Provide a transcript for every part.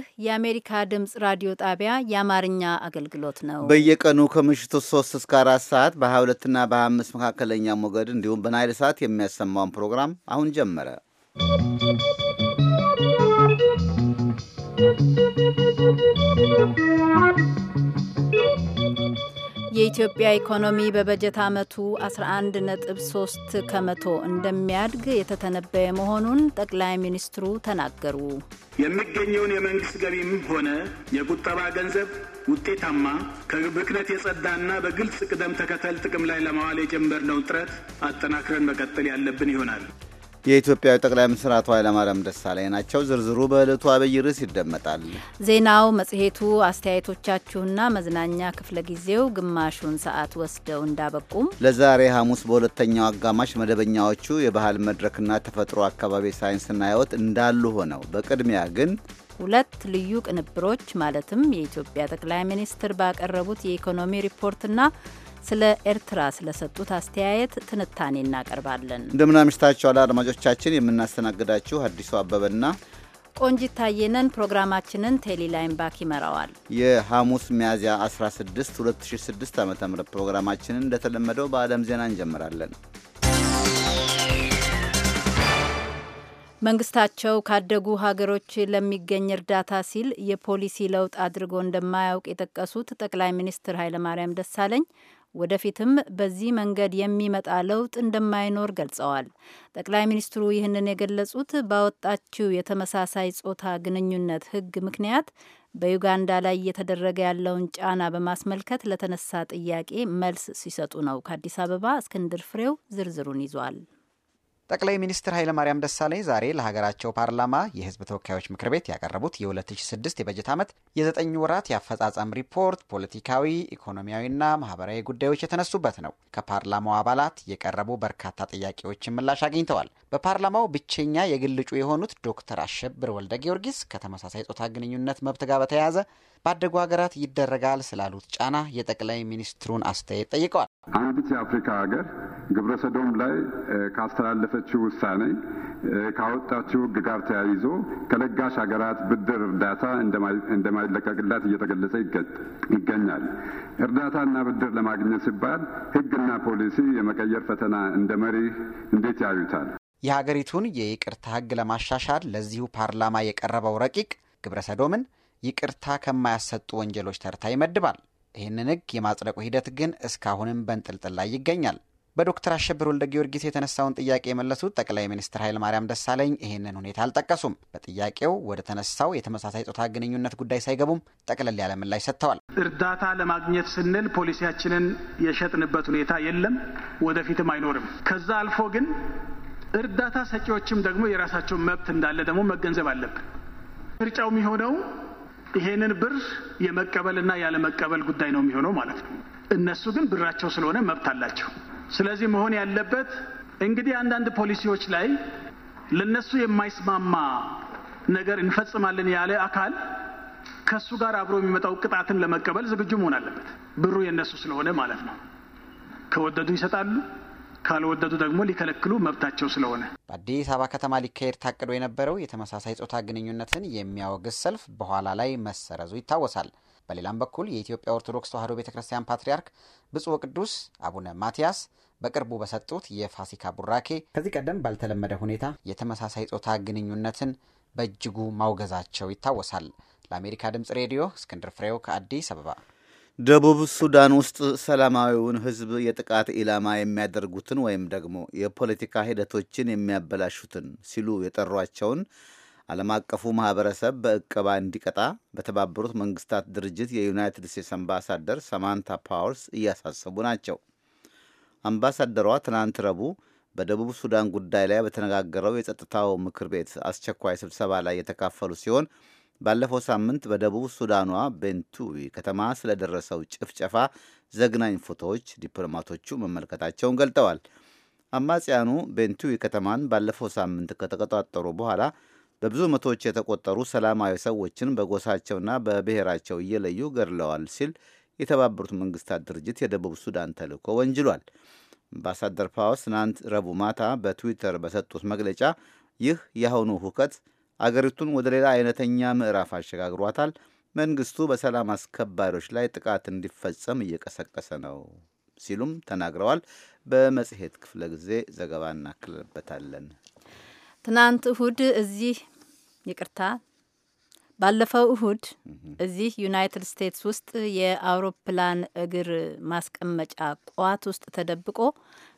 ይህ የአሜሪካ ድምፅ ራዲዮ ጣቢያ የአማርኛ አገልግሎት ነው። በየቀኑ ከምሽቱ 3 እስከ 4 ሰዓት በ22ና በ25 መካከለኛ ሞገድ እንዲሁም በናይል ሰዓት የሚያሰማውን ፕሮግራም አሁን ጀመረ። ¶¶ የኢትዮጵያ ኢኮኖሚ በበጀት ዓመቱ 11.3 ከመቶ እንደሚያድግ የተተነበየ መሆኑን ጠቅላይ ሚኒስትሩ ተናገሩ። የሚገኘውን የመንግስት ገቢም ሆነ የቁጠባ ገንዘብ ውጤታማ ከብክነት የጸዳና በግልጽ ቅደም ተከተል ጥቅም ላይ ለማዋል የጀመርነውን ጥረት አጠናክረን መቀጠል ያለብን ይሆናል። የኢትዮጵያ ጠቅላይ ሚኒስትር አቶ ኃይለማርያም ደሳለኝ ናቸው። ዝርዝሩ በዕለቱ አብይ ርዕስ ይደመጣል። ዜናው፣ መጽሔቱ፣ አስተያየቶቻችሁና መዝናኛ ክፍለ ጊዜው ግማሹን ሰዓት ወስደው እንዳበቁም ለዛሬ ሐሙስ በሁለተኛው አጋማሽ መደበኛዎቹ የባህል መድረክና ተፈጥሮ አካባቢ ሳይንስና ሕይወት እንዳሉ ሆነው በቅድሚያ ግን ሁለት ልዩ ቅንብሮች ማለትም የኢትዮጵያ ጠቅላይ ሚኒስትር ባቀረቡት የኢኮኖሚ ሪፖርትና ስለ ኤርትራ ስለሰጡት አስተያየት ትንታኔ እናቀርባለን። እንደምናምሽታችኋል አድማጮቻችን። የምናስተናግዳችሁ አዲሱ አበበና ቆንጂት ታየነን። ፕሮግራማችንን ቴሌላይም ባክ ይመራዋል። የሐሙስ ሚያዝያ 16 2006 ዓ ም ፕሮግራማችንን እንደተለመደው በዓለም ዜና እንጀምራለን። መንግስታቸው ካደጉ ሀገሮች ለሚገኝ እርዳታ ሲል የፖሊሲ ለውጥ አድርጎ እንደማያውቅ የጠቀሱት ጠቅላይ ሚኒስትር ኃይለማርያም ደሳለኝ ወደፊትም በዚህ መንገድ የሚመጣ ለውጥ እንደማይኖር ገልጸዋል። ጠቅላይ ሚኒስትሩ ይህንን የገለጹት ባወጣችው የተመሳሳይ ጾታ ግንኙነት ሕግ ምክንያት በዩጋንዳ ላይ እየተደረገ ያለውን ጫና በማስመልከት ለተነሳ ጥያቄ መልስ ሲሰጡ ነው። ከአዲስ አበባ እስክንድር ፍሬው ዝርዝሩን ይዟል። ጠቅላይ ሚኒስትር ኃይለማርያም ደሳለኝ ዛሬ ለሀገራቸው ፓርላማ የህዝብ ተወካዮች ምክር ቤት ያቀረቡት የ2006 የበጀት ዓመት የዘጠኝ ወራት የአፈጻጸም ሪፖርት ፖለቲካዊ፣ ኢኮኖሚያዊና ማህበራዊ ጉዳዮች የተነሱበት ነው። ከፓርላማው አባላት የቀረቡ በርካታ ጥያቄዎችን ምላሽ አግኝተዋል። በፓርላማው ብቸኛ የግል እጩ የሆኑት ዶክተር አሸብር ወልደ ጊዮርጊስ ከተመሳሳይ ጾታ ግንኙነት መብት ጋር በተያያዘ ባደጉ ሀገራት ይደረጋል ስላሉት ጫና የጠቅላይ ሚኒስትሩን አስተያየት ጠይቀዋል። አንዲት የአፍሪካ ሀገር ግብረ ሰዶም ላይ ካስተላለፈችው ውሳኔ ካወጣችው ሕግ ጋር ተያይዞ ከለጋሽ ሀገራት ብድር እርዳታ እንደማይለቀቅላት እየተገለጸ ይገኛል። እርዳታና ብድር ለማግኘት ሲባል ሕግና ፖሊሲ የመቀየር ፈተና እንደ መሪ እንዴት ያዩታል? የሀገሪቱን የይቅርታ ሕግ ለማሻሻል ለዚሁ ፓርላማ የቀረበው ረቂቅ ግብረ ሰዶምን ይቅርታ ከማያሰጡ ወንጀሎች ተርታ ይመድባል። ይህንን ህግ የማጽደቁ ሂደት ግን እስካሁንም በንጥልጥል ላይ ይገኛል። በዶክተር አሸብር ወልደ ጊዮርጊስ የተነሳውን ጥያቄ የመለሱት ጠቅላይ ሚኒስትር ኃይለማርያም ደሳለኝ ይህንን ሁኔታ አልጠቀሱም። በጥያቄው ወደ ተነሳው የተመሳሳይ ጾታ ግንኙነት ጉዳይ ሳይገቡም ጠቅለል ያለ ምላሽ ሰጥተዋል። እርዳታ ለማግኘት ስንል ፖሊሲያችንን የሸጥንበት ሁኔታ የለም፣ ወደፊትም አይኖርም። ከዛ አልፎ ግን እርዳታ ሰጪዎችም ደግሞ የራሳቸውን መብት እንዳለ ደግሞ መገንዘብ አለብን። ምርጫው የሚሆነው ይሄንን ብር የመቀበልና ያለመቀበል ጉዳይ ነው የሚሆነው ማለት ነው። እነሱ ግን ብራቸው ስለሆነ መብት አላቸው። ስለዚህ መሆን ያለበት እንግዲህ አንዳንድ ፖሊሲዎች ላይ ለነሱ የማይስማማ ነገር እንፈጽማለን ያለ አካል ከሱ ጋር አብሮ የሚመጣው ቅጣትን ለመቀበል ዝግጁ መሆን አለበት። ብሩ የእነሱ ስለሆነ ማለት ነው። ከወደዱ ይሰጣሉ፣ ካልወደዱ ደግሞ ሊከለክሉ መብታቸው ስለሆነ በአዲስ አበባ ከተማ ሊካሄድ ታቅዶ የነበረው የተመሳሳይ ጾታ ግንኙነትን የሚያወግዝ ሰልፍ በኋላ ላይ መሰረዙ ይታወሳል። በሌላም በኩል የኢትዮጵያ ኦርቶዶክስ ተዋሕዶ ቤተ ክርስቲያን ፓትርያርክ ብፁዕ ወቅዱስ አቡነ ማትያስ በቅርቡ በሰጡት የፋሲካ ቡራኬ ከዚህ ቀደም ባልተለመደ ሁኔታ የተመሳሳይ ጾታ ግንኙነትን በእጅጉ ማውገዛቸው ይታወሳል። ለአሜሪካ ድምጽ ሬዲዮ እስክንድር ፍሬው ከአዲስ አበባ ደቡብ ሱዳን ውስጥ ሰላማዊውን ሕዝብ የጥቃት ኢላማ የሚያደርጉትን ወይም ደግሞ የፖለቲካ ሂደቶችን የሚያበላሹትን ሲሉ የጠሯቸውን ዓለም አቀፉ ማህበረሰብ በእቀባ እንዲቀጣ በተባበሩት መንግስታት ድርጅት የዩናይትድ ስቴትስ አምባሳደር ሰማንታ ፓወርስ እያሳሰቡ ናቸው። አምባሳደሯ ትናንት ረቡዕ በደቡብ ሱዳን ጉዳይ ላይ በተነጋገረው የጸጥታው ምክር ቤት አስቸኳይ ስብሰባ ላይ የተካፈሉ ሲሆን ባለፈው ሳምንት በደቡብ ሱዳኗ ቤንቱዊ ከተማ ስለደረሰው ጭፍጨፋ ዘግናኝ ፎቶዎች ዲፕሎማቶቹ መመልከታቸውን ገልጠዋል። አማጽያኑ ቤንቱዊ ከተማን ባለፈው ሳምንት ከተቆጣጠሩ በኋላ በብዙ መቶዎች የተቆጠሩ ሰላማዊ ሰዎችን በጎሳቸውና በብሔራቸው እየለዩ ገድለዋል ሲል የተባበሩት መንግስታት ድርጅት የደቡብ ሱዳን ተልዕኮ ወንጅሏል። አምባሳደር ፓውስ ትናንት ረቡዕ ማታ በትዊተር በሰጡት መግለጫ ይህ የአሁኑ ሁከት አገሪቱን ወደ ሌላ አይነተኛ ምዕራፍ አሸጋግሯታል። መንግስቱ በሰላም አስከባሪዎች ላይ ጥቃት እንዲፈጸም እየቀሰቀሰ ነው ሲሉም ተናግረዋል። በመጽሔት ክፍለ ጊዜ ዘገባ እናክልበታለን። ትናንት እሁድ እዚህ ይቅርታ ባለፈው እሁድ እዚህ ዩናይትድ ስቴትስ ውስጥ የአውሮፕላን እግር ማስቀመጫ ቋት ውስጥ ተደብቆ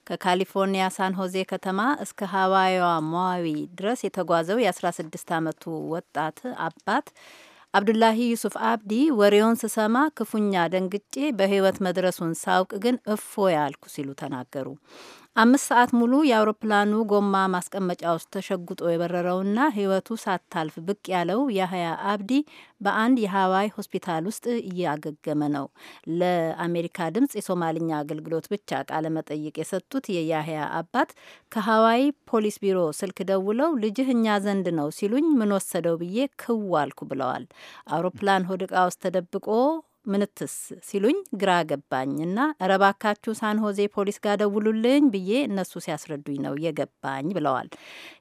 ከካሊፎርኒያ ሳን ሆዜ ከተማ እስከ ሀዋይዋ ሞዋዊ ድረስ የተጓዘው የ16 ዓመቱ ወጣት አባት አብዱላሂ ዩሱፍ አብዲ ወሬውን ስሰማ ክፉኛ ደንግጬ በህይወት መድረሱን ሳውቅ ግን እፎ ያልኩ ሲሉ ተናገሩ። አምስት ሰዓት ሙሉ የአውሮፕላኑ ጎማ ማስቀመጫ ውስጥ ተሸጉጦ የበረረውና ሕይወቱ ሳታልፍ ብቅ ያለው ያህያ አብዲ በአንድ የሀዋይ ሆስፒታል ውስጥ እያገገመ ነው። ለአሜሪካ ድምጽ የሶማልኛ አገልግሎት ብቻ ቃለ መጠይቅ የሰጡት የያህያ አባት ከሀዋይ ፖሊስ ቢሮ ስልክ ደውለው ልጅህ እኛ ዘንድ ነው ሲሉኝ ምን ወሰደው ብዬ ክው አልኩ ብለዋል። አውሮፕላን ሆድቃ ውስጥ ተደብቆ ምንትስ ሲሉኝ ግራ ገባኝና ረባካችሁ ሳን ሆዜ ፖሊስ ጋር ደውሉልኝ ብዬ እነሱ ሲያስረዱኝ ነው የገባኝ ብለዋል።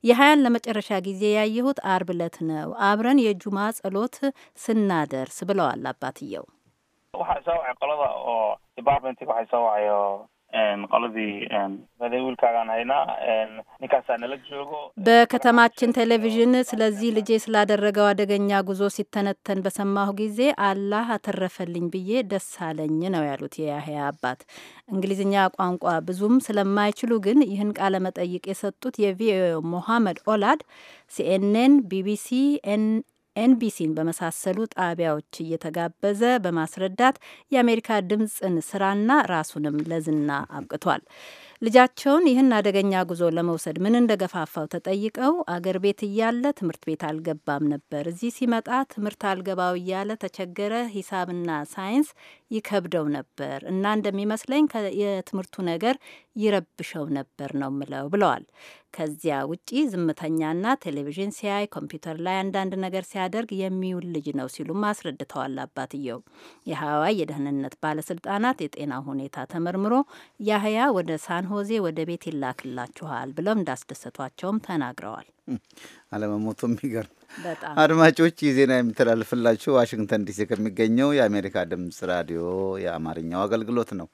የሀያን ለመጨረሻ ጊዜ ያየሁት አርብ ዕለት ነው፣ አብረን የጁማ ጸሎት ስናደርስ ብለዋል አባትየው በከተማችን ቴሌቪዥን ስለዚህ ልጄ ስላደረገው አደገኛ ጉዞ ሲተነተን በሰማሁ ጊዜ አላህ አተረፈልኝ ብዬ ደስ አለኝ ነው ያሉት የያህያ አባት። እንግሊዝኛ ቋንቋ ብዙም ስለማይችሉ ግን ይህን ቃለ መጠይቅ የሰጡት የቪኦኤ ሞሐመድ ኦላድ ሲኤንኤን፣ ቢቢሲ፣ ኤንቢሲን በመሳሰሉ ጣቢያዎች እየተጋበዘ በማስረዳት የአሜሪካ ድምፅን ስራና ራሱንም ለዝና አብቅቷል። ልጃቸውን ይህን አደገኛ ጉዞ ለመውሰድ ምን እንደገፋፋው ተጠይቀው አገር ቤት እያለ ትምህርት ቤት አልገባም ነበር፣ እዚህ ሲመጣ ትምህርት አልገባው እያለ ተቸገረ፣ ሂሳብና ሳይንስ ይከብደው ነበር እና እንደሚመስለኝ የትምህርቱ ነገር ይረብሸው ነበር ነው ምለው ብለዋል። ከዚያ ውጪ ዝምተኛና ቴሌቪዥን ሲያይ፣ ኮምፒውተር ላይ አንዳንድ ነገር ሲያደርግ የሚውል ልጅ ነው ሲሉም አስረድተዋል አባትየው። የሀዋይ የደህንነት ባለስልጣናት የጤና ሁኔታ ተመርምሮ ያህያ ወደ ሳንሆዜ ወደ ቤት ይላክላችኋል ብለው እንዳስደሰቷቸውም ተናግረዋል። አለመሞቱ የሚገርም አድማጮች፣ ይህ ዜና የሚተላልፍላችሁ ዋሽንግተን ዲሲ ከሚገኘው የአሜሪካ ድምፅ ራዲዮ የአማርኛው አገልግሎት ነው።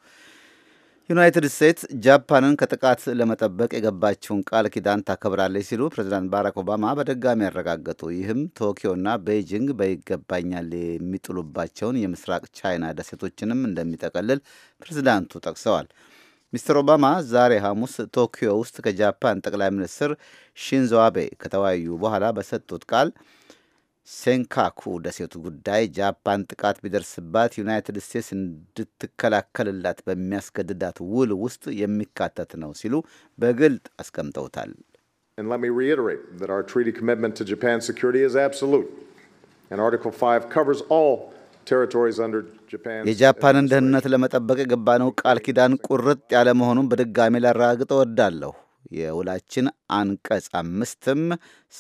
ዩናይትድ ስቴትስ ጃፓንን ከጥቃት ለመጠበቅ የገባችውን ቃል ኪዳን ታከብራለች ሲሉ ፕሬዚዳንት ባራክ ኦባማ በድጋሚ ያረጋገጡ። ይህም ቶኪዮና ቤይጂንግ በይገባኛል የሚጥሉባቸውን የምስራቅ ቻይና ደሴቶችንም እንደሚጠቀልል ፕሬዚዳንቱ ጠቅሰዋል። ሚስተር ኦባማ ዛሬ ሐሙስ ቶኪዮ ውስጥ ከጃፓን ጠቅላይ ሚኒስትር ሺንዞ አቤ ከተወያዩ በኋላ በሰጡት ቃል ሴንካኩ ደሴቱ ጉዳይ ጃፓን ጥቃት ቢደርስባት ዩናይትድ ስቴትስ እንድትከላከልላት በሚያስገድዳት ውል ውስጥ የሚካተት ነው ሲሉ በግልጥ አስቀምጠውታል። And Article 5 covers all የጃፓንን ደህንነት ለመጠበቅ የገባነው ቃል ኪዳን ቁርጥ ያለ መሆኑን በድጋሚ ላረጋግጥ እወዳለሁ። የውላችን አንቀጽ አምስትም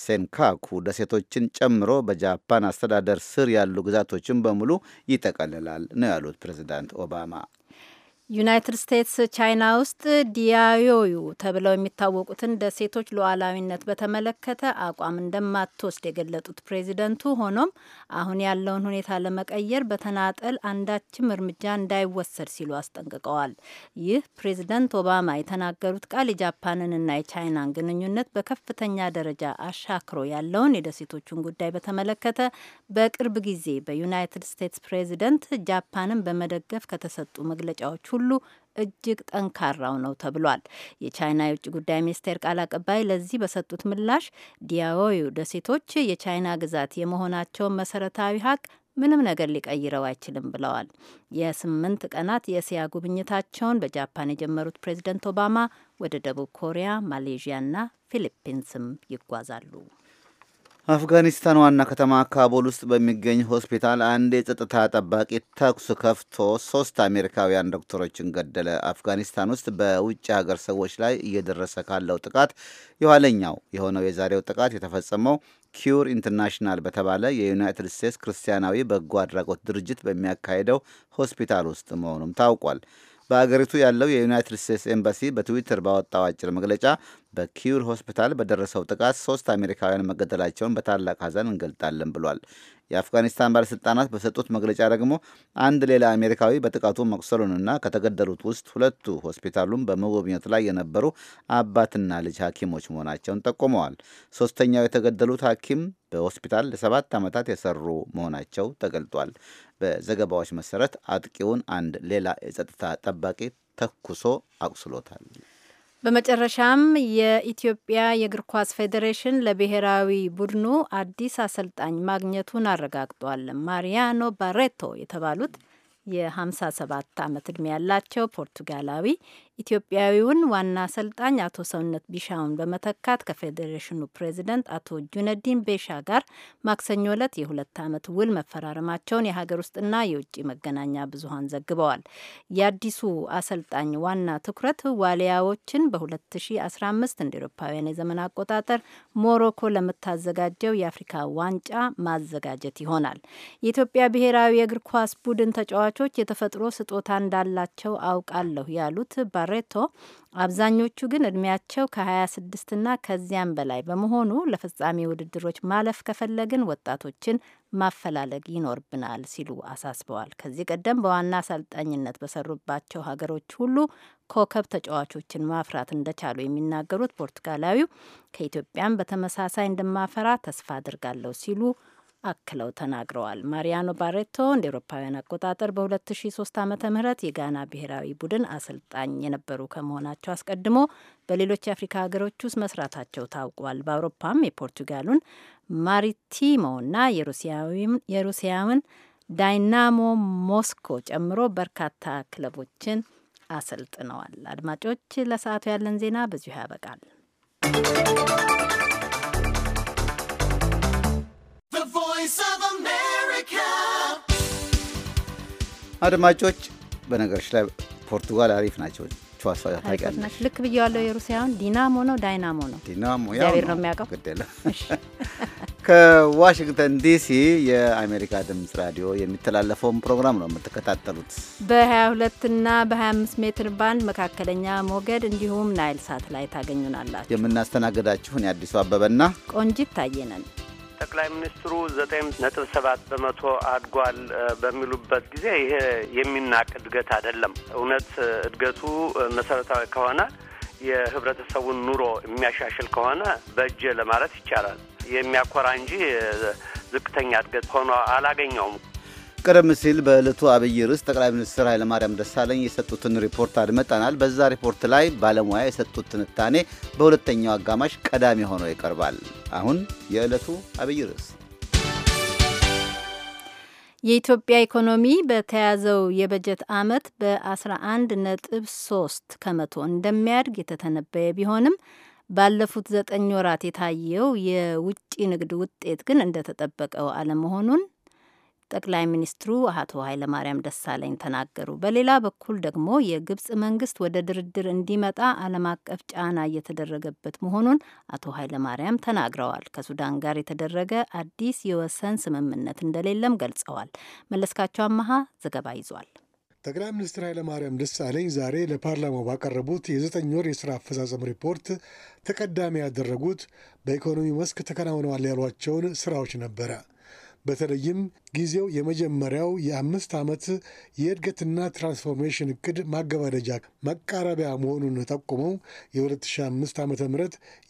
ሴንካኩ ደሴቶችን ጨምሮ በጃፓን አስተዳደር ስር ያሉ ግዛቶችን በሙሉ ይጠቀልላል ነው ያሉት ፕሬዚዳንት ኦባማ። ዩናይትድ ስቴትስ ቻይና ውስጥ ዲያዮዩ ተብለው የሚታወቁትን ደሴቶች ሉዓላዊነት በተመለከተ አቋም እንደማትወስድ የገለጡት ፕሬዚደንቱ፣ ሆኖም አሁን ያለውን ሁኔታ ለመቀየር በተናጠል አንዳችም እርምጃ እንዳይወሰድ ሲሉ አስጠንቅቀዋል። ይህ ፕሬዚደንት ኦባማ የተናገሩት ቃል የጃፓንንና የቻይናን ግንኙነት በከፍተኛ ደረጃ አሻክሮ ያለውን የደሴቶቹን ጉዳይ በተመለከተ በቅርብ ጊዜ በዩናይትድ ስቴትስ ፕሬዚደንት ጃፓንን በመደገፍ ከተሰጡ መግለጫዎች ሁሉ እጅግ ጠንካራው ነው ተብሏል። የቻይና የውጭ ጉዳይ ሚኒስቴር ቃል አቀባይ ለዚህ በሰጡት ምላሽ ዲያዎዩ ደሴቶች የቻይና ግዛት የመሆናቸውን መሰረታዊ ሀቅ ምንም ነገር ሊቀይረው አይችልም ብለዋል። የስምንት ቀናት የእስያ ጉብኝታቸውን በጃፓን የጀመሩት ፕሬዚደንት ኦባማ ወደ ደቡብ ኮሪያ፣ ማሌዥያና ፊሊፒንስም ይጓዛሉ። አፍጋኒስታን ዋና ከተማ ካቡል ውስጥ በሚገኝ ሆስፒታል አንድ የጸጥታ ጠባቂ ተኩስ ከፍቶ ሶስት አሜሪካውያን ዶክተሮችን ገደለ። አፍጋኒስታን ውስጥ በውጭ ሀገር ሰዎች ላይ እየደረሰ ካለው ጥቃት የኋለኛው የሆነው የዛሬው ጥቃት የተፈጸመው ኪዩር ኢንተርናሽናል በተባለ የዩናይትድ ስቴትስ ክርስቲያናዊ በጎ አድራጎት ድርጅት በሚያካሄደው ሆስፒታል ውስጥ መሆኑም ታውቋል። በአገሪቱ ያለው የዩናይትድ ስቴትስ ኤምባሲ በትዊተር ባወጣው አጭር መግለጫ በኪዩር ሆስፒታል በደረሰው ጥቃት ሶስት አሜሪካውያን መገደላቸውን በታላቅ ሐዘን እንገልጣለን ብሏል። የአፍጋኒስታን ባለሥልጣናት በሰጡት መግለጫ ደግሞ አንድ ሌላ አሜሪካዊ በጥቃቱ መቁሰሉንና ከተገደሉት ውስጥ ሁለቱ ሆስፒታሉን በመጎብኘት ላይ የነበሩ አባትና ልጅ ሐኪሞች መሆናቸውን ጠቁመዋል። ሦስተኛው የተገደሉት ሐኪም በሆስፒታል ለሰባት ዓመታት የሰሩ መሆናቸው ተገልጧል። በዘገባዎች መሠረት አጥቂውን አንድ ሌላ የጸጥታ ጠባቂ ተኩሶ አቁስሎታል። በመጨረሻም የኢትዮጵያ የእግር ኳስ ፌዴሬሽን ለብሔራዊ ቡድኑ አዲስ አሰልጣኝ ማግኘቱን አረጋግጧል። ማሪያኖ ባሬቶ የተባሉት የ57 ዓመት ዕድሜ ያላቸው ፖርቱጋላዊ ኢትዮጵያዊውን ዋና አሰልጣኝ አቶ ሰውነት ቢሻውን በመተካት ከፌዴሬሽኑ ፕሬዚደንት አቶ ጁነዲን ቤሻ ጋር ማክሰኞ ዕለት የሁለት ዓመት ውል መፈራረማቸውን የሀገር ውስጥና የውጭ መገናኛ ብዙሀን ዘግበዋል። የአዲሱ አሰልጣኝ ዋና ትኩረት ዋሊያዎችን በ2015 እንደ ኤሮፓውያን የዘመን አቆጣጠር ሞሮኮ ለምታዘጋጀው የአፍሪካ ዋንጫ ማዘጋጀት ይሆናል። የኢትዮጵያ ብሔራዊ የእግር ኳስ ቡድን ተጫዋቾች የተፈጥሮ ስጦታ እንዳላቸው አውቃለሁ ያሉት ባሬቶ አብዛኞቹ ግን እድሜያቸው ከ26 እና ከዚያም በላይ በመሆኑ ለፍጻሜ ውድድሮች ማለፍ ከፈለግን ወጣቶችን ማፈላለግ ይኖርብናል ሲሉ አሳስበዋል። ከዚህ ቀደም በዋና አሰልጣኝነት በሰሩባቸው ሀገሮች ሁሉ ኮከብ ተጫዋቾችን ማፍራት እንደቻሉ የሚናገሩት ፖርቱጋላዊው ከኢትዮጵያም በተመሳሳይ እንደማፈራ ተስፋ አድርጋለሁ ሲሉ አክለው ተናግረዋል። ማሪያኖ ባሬቶ እንደ ኤሮፓውያን አቆጣጠር በ2003 ዓ ምህረት የጋና ብሔራዊ ቡድን አሰልጣኝ የነበሩ ከመሆናቸው አስቀድሞ በሌሎች የአፍሪካ ሀገሮች ውስጥ መስራታቸው ታውቋል። በአውሮፓም የፖርቱጋሉን ማሪቲሞና የሩሲያውን ዳይናሞ ሞስኮ ጨምሮ በርካታ ክለቦችን አሰልጥነዋል። አድማጮች፣ ለሰዓቱ ያለን ዜና በዚሁ ያበቃል። አድማጮች በነገሮች ላይ ፖርቱጋል አሪፍ ናቸው። ቸዋሳ ታውቂያለሽ? ልክ ብያዋለው። የሩሲያውን ዲናሞ ነው ዳይናሞ ነው ዲናሞ ያው ነው የሚያውቀው ግዴለ። ከዋሽንግተን ዲሲ የአሜሪካ ድምጽ ራዲዮ የሚተላለፈውን ፕሮግራም ነው የምትከታተሉት። በ22 እና በ25 ሜትር ባንድ መካከለኛ ሞገድ እንዲሁም ናይል ሳት ላይ ታገኙናላችሁ። የምናስተናግዳችሁን የአዲሱ አበበና ቆንጂት ታየነን ጠቅላይ ሚኒስትሩ ዘጠኝ ነጥብ ሰባት በመቶ አድጓል በሚሉበት ጊዜ ይሄ የሚናቅ እድገት አይደለም። እውነት እድገቱ መሰረታዊ ከሆነ የህብረተሰቡን ኑሮ የሚያሻሽል ከሆነ በእጀ ለማለት ይቻላል። የሚያኮራ እንጂ ዝቅተኛ እድገት ሆኖ አላገኘውም። ቀደም ሲል በዕለቱ አብይ ርዕስ ጠቅላይ ሚኒስትር ኃይለማርያም ደሳለኝ የሰጡትን ሪፖርት አድመጠናል። በዛ ሪፖርት ላይ ባለሙያ የሰጡት ትንታኔ በሁለተኛው አጋማሽ ቀዳሚ ሆኖ ይቀርባል። አሁን የዕለቱ አብይ ርዕስ የኢትዮጵያ ኢኮኖሚ በተያዘው የበጀት ዓመት በ11 ነጥብ 3 ከመቶ እንደሚያድግ የተተነበየ ቢሆንም ባለፉት ዘጠኝ ወራት የታየው የውጭ ንግድ ውጤት ግን እንደተጠበቀው አለመሆኑን ጠቅላይ ሚኒስትሩ አቶ ኃይለማርያም ደሳለኝ ተናገሩ። በሌላ በኩል ደግሞ የግብጽ መንግስት ወደ ድርድር እንዲመጣ ዓለም አቀፍ ጫና እየተደረገበት መሆኑን አቶ ኃይለማርያም ተናግረዋል። ከሱዳን ጋር የተደረገ አዲስ የወሰን ስምምነት እንደሌለም ገልጸዋል። መለስካቸው አመሃ ዘገባ ይዟል። ጠቅላይ ሚኒስትር ኃይለማርያም ደሳለኝ ዛሬ ለፓርላማው ባቀረቡት የዘጠኝ ወር የሥራ አፈጻጸም ሪፖርት ተቀዳሚ ያደረጉት በኢኮኖሚ መስክ ተከናውነዋል ያሏቸውን ስራዎች ነበረ። በተለይም ጊዜው የመጀመሪያው የአምስት ዓመት የእድገትና ትራንስፎርሜሽን እቅድ ማገባደጃ መቃረቢያ መሆኑን ጠቁመው የ2005 ዓ ም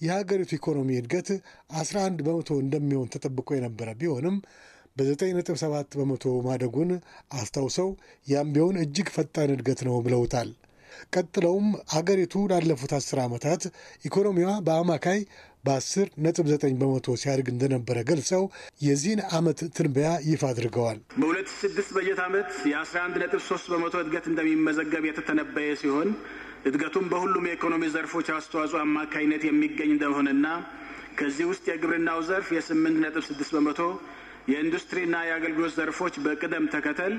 የሀገሪቱ ኢኮኖሚ እድገት 11 በመቶ እንደሚሆን ተጠብቆ የነበረ ቢሆንም በ9.7 በመቶ ማደጉን አስታውሰው ያም ቢሆን እጅግ ፈጣን እድገት ነው ብለውታል። ቀጥለውም አገሪቱ ላለፉት አስር ዓመታት ኢኮኖሚዋ በአማካይ በ10 ነጥብ 9 በመቶ ሲያድግ እንደነበረ ገልጸው የዚህን ዓመት ትንበያ ይፋ አድርገዋል። በ2006 በጀት ዓመት የ11 ነጥብ 3 በመቶ እድገት እንደሚመዘገብ የተተነበየ ሲሆን እድገቱም በሁሉም የኢኮኖሚ ዘርፎች አስተዋጽኦ አማካኝነት የሚገኝ እንደሆነና ከዚህ ውስጥ የግብርናው ዘርፍ የ8 ነጥብ 6 በመቶ የኢንዱስትሪና የአገልግሎት ዘርፎች በቅደም ተከተል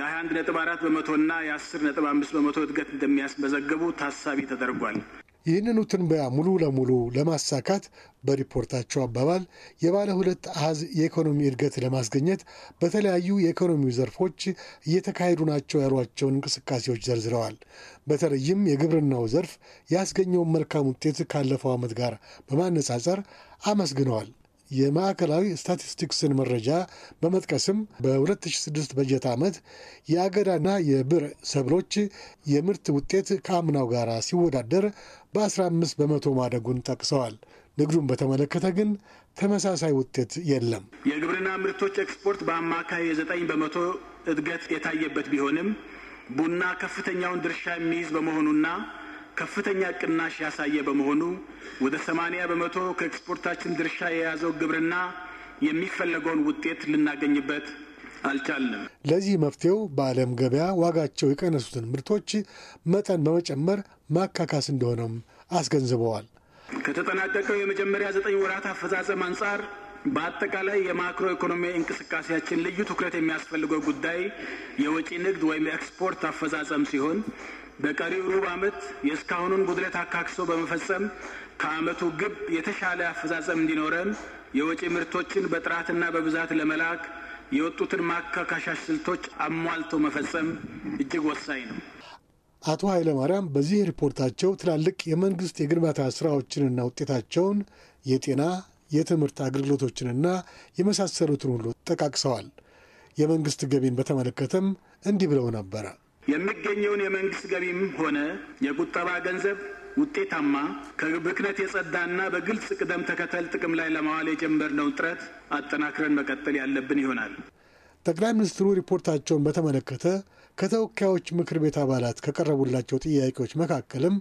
የ21 ነጥብ 4 በመቶና የ10 ነጥብ 5 በመቶ እድገት እንደሚያስመዘግቡ ታሳቢ ተደርጓል። ይህንኑ ትንበያ ሙሉ ለሙሉ ለማሳካት በሪፖርታቸው አባባል የባለ ሁለት አሃዝ የኢኮኖሚ እድገት ለማስገኘት በተለያዩ የኢኮኖሚው ዘርፎች እየተካሄዱ ናቸው ያሏቸውን እንቅስቃሴዎች ዘርዝረዋል። በተለይም የግብርናው ዘርፍ ያስገኘውን መልካም ውጤት ካለፈው ዓመት ጋር በማነጻጸር አመስግነዋል። የማዕከላዊ ስታቲስቲክስን መረጃ በመጥቀስም በ2006 በጀት ዓመት የአገዳና የብር ሰብሎች የምርት ውጤት ከአምናው ጋር ሲወዳደር በ15 በመቶ ማደጉን ጠቅሰዋል። ንግዱን በተመለከተ ግን ተመሳሳይ ውጤት የለም። የግብርና ምርቶች ኤክስፖርት በአማካይ የ9 በመቶ እድገት የታየበት ቢሆንም ቡና ከፍተኛውን ድርሻ የሚይዝ በመሆኑና ከፍተኛ ቅናሽ ያሳየ በመሆኑ ወደ ሰማንያ በመቶ ከኤክስፖርታችን ድርሻ የያዘው ግብርና የሚፈለገውን ውጤት ልናገኝበት አልቻለም። ለዚህ መፍትሄው በዓለም ገበያ ዋጋቸው የቀነሱትን ምርቶች መጠን በመጨመር ማካካስ እንደሆነም አስገንዝበዋል። ከተጠናቀቀው የመጀመሪያ ዘጠኝ ወራት አፈጻጸም አንጻር በአጠቃላይ የማክሮ ኢኮኖሚ እንቅስቃሴያችን ልዩ ትኩረት የሚያስፈልገው ጉዳይ የወጪ ንግድ ወይም ኤክስፖርት አፈጻጸም ሲሆን በቀሪው ሩብ ዓመት የእስካሁኑን ጉድለት አካክሶ በመፈጸም ከዓመቱ ግብ የተሻለ አፈጻጸም እንዲኖረን የወጪ ምርቶችን በጥራትና በብዛት ለመላክ የወጡትን ማካካሻሽ ስልቶች አሟልቶ መፈጸም እጅግ ወሳኝ ነው። አቶ ኃይለማርያም በዚህ ሪፖርታቸው ትላልቅ የመንግስት የግንባታ ስራዎችንና ውጤታቸውን የጤና፣ የትምህርት አገልግሎቶችንና የመሳሰሉትን ሁሉ ጠቃቅሰዋል። የመንግስት ገቢን በተመለከተም እንዲህ ብለው ነበረ። የሚገኘውን የመንግስት ገቢም ሆነ የቁጠባ ገንዘብ ውጤታማ ከብክነት የጸዳና በግልጽ ቅደም ተከተል ጥቅም ላይ ለማዋል የጀመርነውን ጥረት አጠናክረን መቀጠል ያለብን ይሆናል። ጠቅላይ ሚኒስትሩ ሪፖርታቸውን በተመለከተ ከተወካዮች ምክር ቤት አባላት ከቀረቡላቸው ጥያቄዎች መካከልም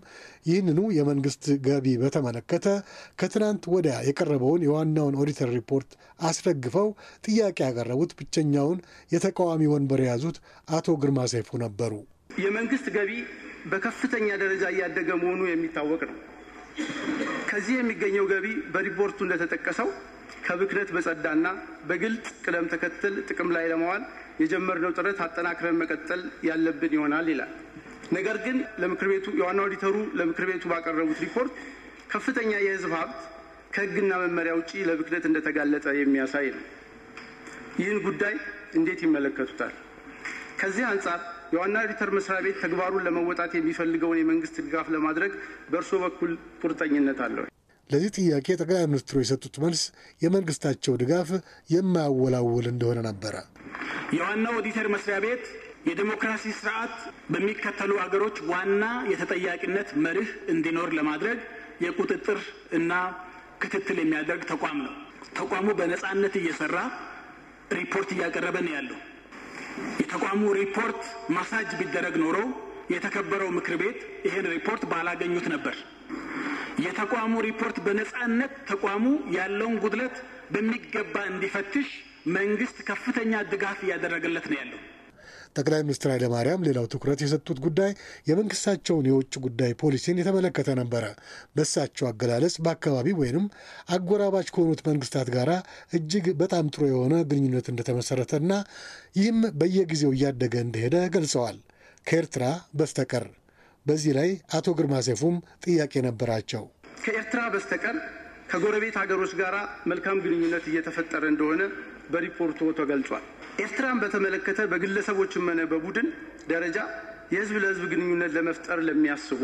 ይህንኑ የመንግስት ገቢ በተመለከተ ከትናንት ወዲያ የቀረበውን የዋናውን ኦዲተር ሪፖርት አስደግፈው ጥያቄ ያቀረቡት ብቸኛውን የተቃዋሚ ወንበር የያዙት አቶ ግርማ ሰይፉ ነበሩ። የመንግስት ገቢ በከፍተኛ ደረጃ እያደገ መሆኑ የሚታወቅ ነው። ከዚህ የሚገኘው ገቢ በሪፖርቱ እንደተጠቀሰው ከብክነት በጸዳና በግልጽ ቅደም ተከተል ጥቅም ላይ ለመዋል የጀመርነው ጥረት አጠናክረን መቀጠል ያለብን ይሆናል ይላል። ነገር ግን ለምክር ቤቱ የዋና ኦዲተሩ ለምክር ቤቱ ባቀረቡት ሪፖርት ከፍተኛ የህዝብ ሀብት ከህግና መመሪያ ውጪ ለብክነት እንደተጋለጠ የሚያሳይ ነው። ይህን ጉዳይ እንዴት ይመለከቱታል? ከዚህ አንጻር የዋና ኦዲተር መስሪያ ቤት ተግባሩን ለመወጣት የሚፈልገውን የመንግስት ድጋፍ ለማድረግ በእርስዎ በኩል ቁርጠኝነት አለው? ለዚህ ጥያቄ ጠቅላይ ሚኒስትሩ የሰጡት መልስ የመንግስታቸው ድጋፍ የማያወላውል እንደሆነ ነበረ። የዋናው ኦዲተር መስሪያ ቤት የዲሞክራሲ ስርዓት በሚከተሉ አገሮች ዋና የተጠያቂነት መርህ እንዲኖር ለማድረግ የቁጥጥር እና ክትትል የሚያደርግ ተቋም ነው። ተቋሙ በነፃነት እየሰራ ሪፖርት እያቀረበ ነው ያለው። የተቋሙ ሪፖርት ማሳጅ ቢደረግ ኖሮ የተከበረው ምክር ቤት ይህን ሪፖርት ባላገኙት ነበር። የተቋሙ ሪፖርት በነጻነት ተቋሙ ያለውን ጉድለት በሚገባ እንዲፈትሽ መንግስት ከፍተኛ ድጋፍ እያደረገለት ነው ያለው። ጠቅላይ ሚኒስትር ማርያም ሌላው ትኩረት የሰጡት ጉዳይ የመንግስታቸውን የውጭ ጉዳይ ፖሊሲን የተመለከተ ነበረ። በእሳቸው አገላለጽ በአካባቢ ወይንም አጎራባች ከሆኑት መንግስታት ጋር እጅግ በጣም ጥሩ የሆነ ግንኙነት እንደተመሰረተና ይህም በየጊዜው እያደገ እንደሄደ ገልጸዋል ከኤርትራ በስተቀር በዚህ ላይ አቶ ግርማ ሴፉም ጥያቄ ነበራቸው። ከኤርትራ በስተቀር ከጎረቤት ሀገሮች ጋር መልካም ግንኙነት እየተፈጠረ እንደሆነ በሪፖርቱ ተገልጿል። ኤርትራን በተመለከተ በግለሰቦችም ሆነ በቡድን ደረጃ የህዝብ ለህዝብ ግንኙነት ለመፍጠር ለሚያስቡ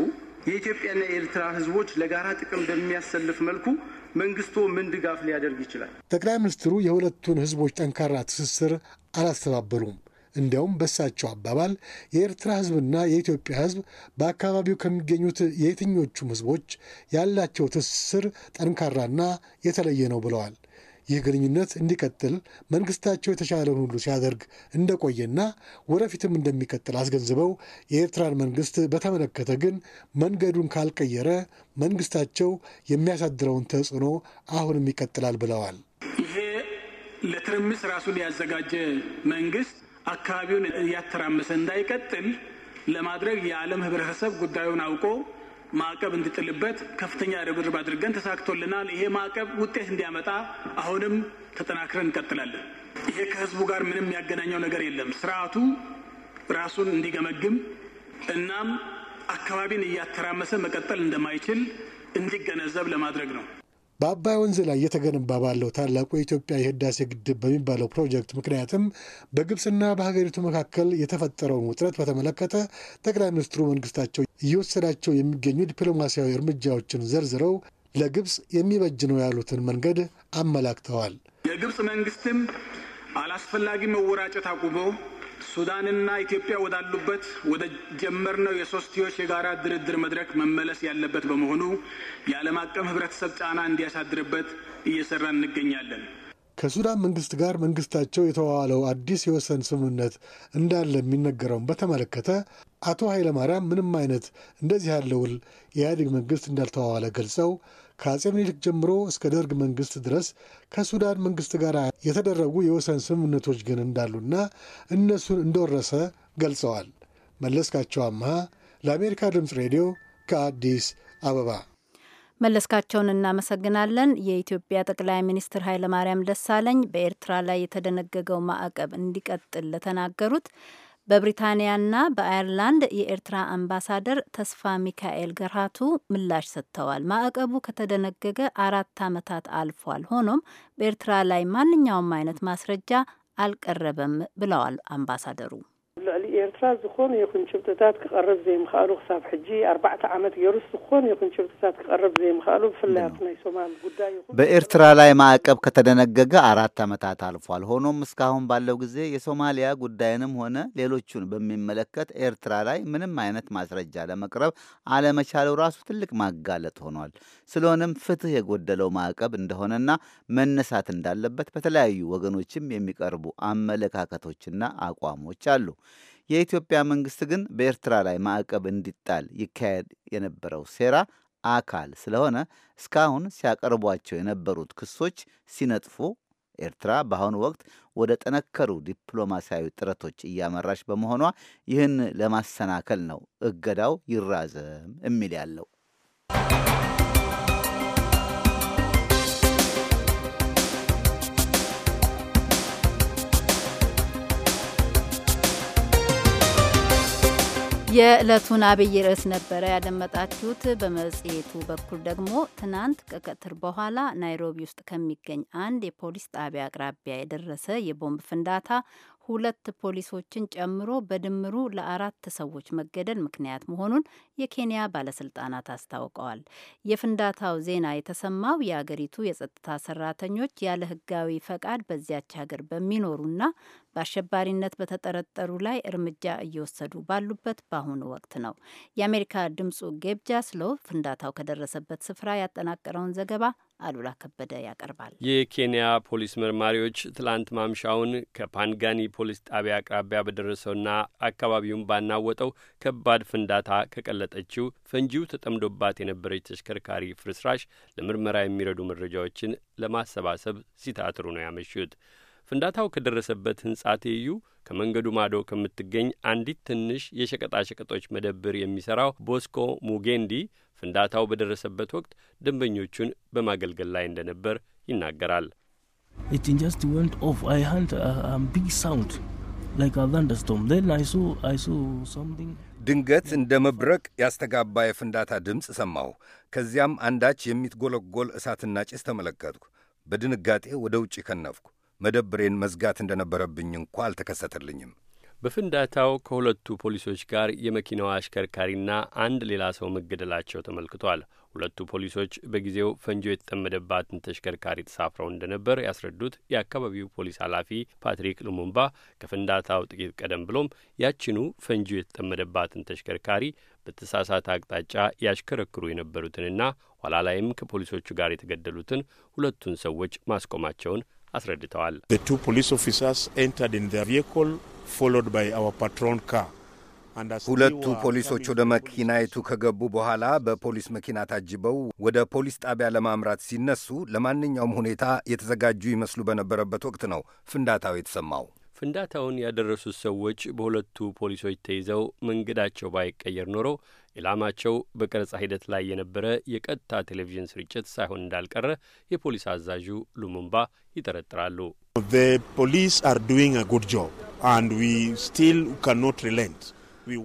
የኢትዮጵያና የኤርትራ ህዝቦች ለጋራ ጥቅም በሚያሰልፍ መልኩ መንግስቱ ምን ድጋፍ ሊያደርግ ይችላል? ጠቅላይ ሚኒስትሩ የሁለቱን ህዝቦች ጠንካራ ትስስር አላስተባበሉም። እንዲያውም በሳቸው አባባል የኤርትራ ህዝብና የኢትዮጵያ ህዝብ በአካባቢው ከሚገኙት የየትኞቹም ህዝቦች ያላቸው ትስስር ጠንካራና የተለየ ነው ብለዋል። ይህ ግንኙነት እንዲቀጥል መንግስታቸው የተሻለውን ሁሉ ሲያደርግ እንደቆየና ወደፊትም እንደሚቀጥል አስገንዝበው የኤርትራን መንግስት በተመለከተ ግን መንገዱን ካልቀየረ መንግስታቸው የሚያሳድረውን ተጽዕኖ አሁንም ይቀጥላል ብለዋል። ይሄ ለትርምስ ራሱን ያዘጋጀ መንግስት አካባቢውን እያተራመሰ እንዳይቀጥል ለማድረግ የዓለም ህብረተሰብ ጉዳዩን አውቆ ማዕቀብ እንዲጥልበት ከፍተኛ ርብርብ አድርገን ተሳክቶልናል። ይሄ ማዕቀብ ውጤት እንዲያመጣ አሁንም ተጠናክረን እንቀጥላለን። ይሄ ከህዝቡ ጋር ምንም ያገናኘው ነገር የለም። ስርዓቱ ራሱን እንዲገመግም እናም አካባቢን እያተራመሰ መቀጠል እንደማይችል እንዲገነዘብ ለማድረግ ነው። በአባይ ወንዝ ላይ እየተገነባ ባለው ታላቁ የኢትዮጵያ የህዳሴ ግድብ በሚባለው ፕሮጀክት ምክንያትም በግብፅና በሀገሪቱ መካከል የተፈጠረውን ውጥረት በተመለከተ ጠቅላይ ሚኒስትሩ መንግስታቸው እየወሰዳቸው የሚገኙ ዲፕሎማሲያዊ እርምጃዎችን ዘርዝረው ለግብፅ የሚበጅ ነው ያሉትን መንገድ አመላክተዋል። የግብፅ መንግስትም አላስፈላጊ መወራጨት አቁሞ ሱዳንና ኢትዮጵያ ወዳሉበት ወደ ጀመርነው የሶስትዮሽ የጋራ ድርድር መድረክ መመለስ ያለበት በመሆኑ የዓለም አቀፍ ህብረተሰብ ጫና እንዲያሳድርበት እየሰራ እንገኛለን። ከሱዳን መንግስት ጋር መንግስታቸው የተዋዋለው አዲስ የወሰን ስምምነት እንዳለ የሚነገረውን በተመለከተ አቶ ኃይለማርያም ምንም አይነት እንደዚህ ያለ ውል የኢህአዴግ መንግስት እንዳልተዋዋለ ገልጸው ከአጼ ምኒልክ ጀምሮ እስከ ደርግ መንግስት ድረስ ከሱዳን መንግስት ጋር የተደረጉ የወሰን ስምምነቶች ግን እንዳሉና እነሱን እንደወረሰ ገልጸዋል። መለስካቸው አምሃ ለአሜሪካ ድምፅ ሬዲዮ ከአዲስ አበባ። መለስካቸውን እናመሰግናለን። የኢትዮጵያ ጠቅላይ ሚኒስትር ኃይለማርያም ደሳለኝ በኤርትራ ላይ የተደነገገው ማዕቀብ እንዲቀጥል ለተናገሩት በብሪታንያና በአየርላንድ የኤርትራ አምባሳደር ተስፋ ሚካኤል ገርሃቱ ምላሽ ሰጥተዋል። ማዕቀቡ ከተደነገገ አራት ዓመታት አልፏል። ሆኖም በኤርትራ ላይ ማንኛውም አይነት ማስረጃ አልቀረበም ብለዋል አምባሳደሩ። ልዕሊ ኤርትራ ዝኾኑ ይኹን ጭብጥታት ክቐርብ ዘይምኽኣሉ ክሳብ ሕጂ ኣርባዕተ ዓመት ገይሩ ዝኾኑ ይኹን ጭብጥታት ክቐርብ ዘይምኽኣሉ ብፍላያቱ ናይ ሶማል ጉዳይ ይኹን በኤርትራ ላይ ማዕቀብ ከተደነገገ አራት ዓመታት አልፏል። ሆኖም እስካሁን ባለው ጊዜ የሶማሊያ ጉዳይንም ሆነ ሌሎቹን በሚመለከት ኤርትራ ላይ ምንም አይነት ማስረጃ ለመቅረብ አለመቻሉ ራሱ ትልቅ ማጋለጥ ሆኗል። ስለሆነም ፍትህ የጎደለው ማዕቀብ እንደሆነና መነሳት እንዳለበት በተለያዩ ወገኖችም የሚቀርቡ አመለካከቶችና አቋሞች አሉ። የኢትዮጵያ መንግስት ግን በኤርትራ ላይ ማዕቀብ እንዲጣል ይካሄድ የነበረው ሴራ አካል ስለሆነ እስካሁን ሲያቀርቧቸው የነበሩት ክሶች ሲነጥፉ፣ ኤርትራ በአሁኑ ወቅት ወደ ጠነከሩ ዲፕሎማሲያዊ ጥረቶች እያመራች በመሆኗ ይህን ለማሰናከል ነው እገዳው ይራዘም የሚል ያለው። የዕለቱን አብይ ርዕስ ነበረ ያደመጣችሁት። በመጽሔቱ በኩል ደግሞ ትናንት ከቀትር በኋላ ናይሮቢ ውስጥ ከሚገኝ አንድ የፖሊስ ጣቢያ አቅራቢያ የደረሰ የቦምብ ፍንዳታ ሁለት ፖሊሶችን ጨምሮ በድምሩ ለአራት ሰዎች መገደል ምክንያት መሆኑን የኬንያ ባለስልጣናት አስታውቀዋል። የፍንዳታው ዜና የተሰማው የአገሪቱ የጸጥታ ሰራተኞች ያለ ሕጋዊ ፈቃድ በዚያች ሀገር በሚኖሩና በአሸባሪነት በተጠረጠሩ ላይ እርምጃ እየወሰዱ ባሉበት በአሁኑ ወቅት ነው። የአሜሪካ ድምጹ ጌብጃ ስሎ ፍንዳታው ከደረሰበት ስፍራ ያጠናቀረውን ዘገባ አሉላ ከበደ ያቀርባል። የኬንያ ፖሊስ መርማሪዎች ትላንት ማምሻውን ከፓንጋኒ ፖሊስ ጣቢያ አቅራቢያ በደረሰውና አካባቢውን ባናወጠው ከባድ ፍንዳታ ከቀለጠችው ፈንጂው ተጠምዶባት የነበረች ተሽከርካሪ ፍርስራሽ ለምርመራ የሚረዱ መረጃዎችን ለማሰባሰብ ሲታትሩ ነው ያመሹት። ፍንዳታው ከደረሰበት ህንጻ ትይዩ ከመንገዱ ማዶ ከምትገኝ አንዲት ትንሽ የሸቀጣሸቀጦች መደብር የሚሠራው ቦስኮ ሙጌንዲ ፍንዳታው በደረሰበት ወቅት ደንበኞቹን በማገልገል ላይ እንደነበር ይናገራል። ድንገት እንደ መብረቅ ያስተጋባ የፍንዳታ ድምፅ ሰማሁ። ከዚያም አንዳች የሚትጎለጎል እሳትና ጭስ ተመለከትኩ። በድንጋጤ ወደ ውጭ ከነፍኩ። መደብሬን መዝጋት እንደነበረብኝ እንኳ አልተከሰተልኝም። በፍንዳታው ከሁለቱ ፖሊሶች ጋር የመኪናው አሽከርካሪና አንድ ሌላ ሰው መገደላቸው ተመልክቷል። ሁለቱ ፖሊሶች በጊዜው ፈንጆ የተጠመደባትን ተሽከርካሪ ተሳፍረው እንደነበር ያስረዱት የአካባቢው ፖሊስ ኃላፊ ፓትሪክ ሉሙምባ ከፍንዳታው ጥቂት ቀደም ብሎም ያችኑ ፈንጆ የተጠመደባትን ተሽከርካሪ በተሳሳተ አቅጣጫ ያሽከረክሩ የነበሩትንና ኋላ ላይም ከፖሊሶቹ ጋር የተገደሉትን ሁለቱን ሰዎች ማስቆማቸውን አስረድተዋል። ሁለቱ ፖሊሶች ወደ መኪናይቱ ከገቡ በኋላ በፖሊስ መኪና ታጅበው ወደ ፖሊስ ጣቢያ ለማምራት ሲነሱ ለማንኛውም ሁኔታ የተዘጋጁ ይመስሉ በነበረበት ወቅት ነው ፍንዳታው የተሰማው። ፍንዳታውን ያደረሱት ሰዎች በሁለቱ ፖሊሶች ተይዘው መንገዳቸው ባይቀየር ኖሮ ኢላማቸው በቀረጻ ሂደት ላይ የነበረ የቀጥታ ቴሌቪዥን ስርጭት ሳይሆን እንዳልቀረ የፖሊስ አዛዡ ሉሙምባ ይጠረጥራሉ።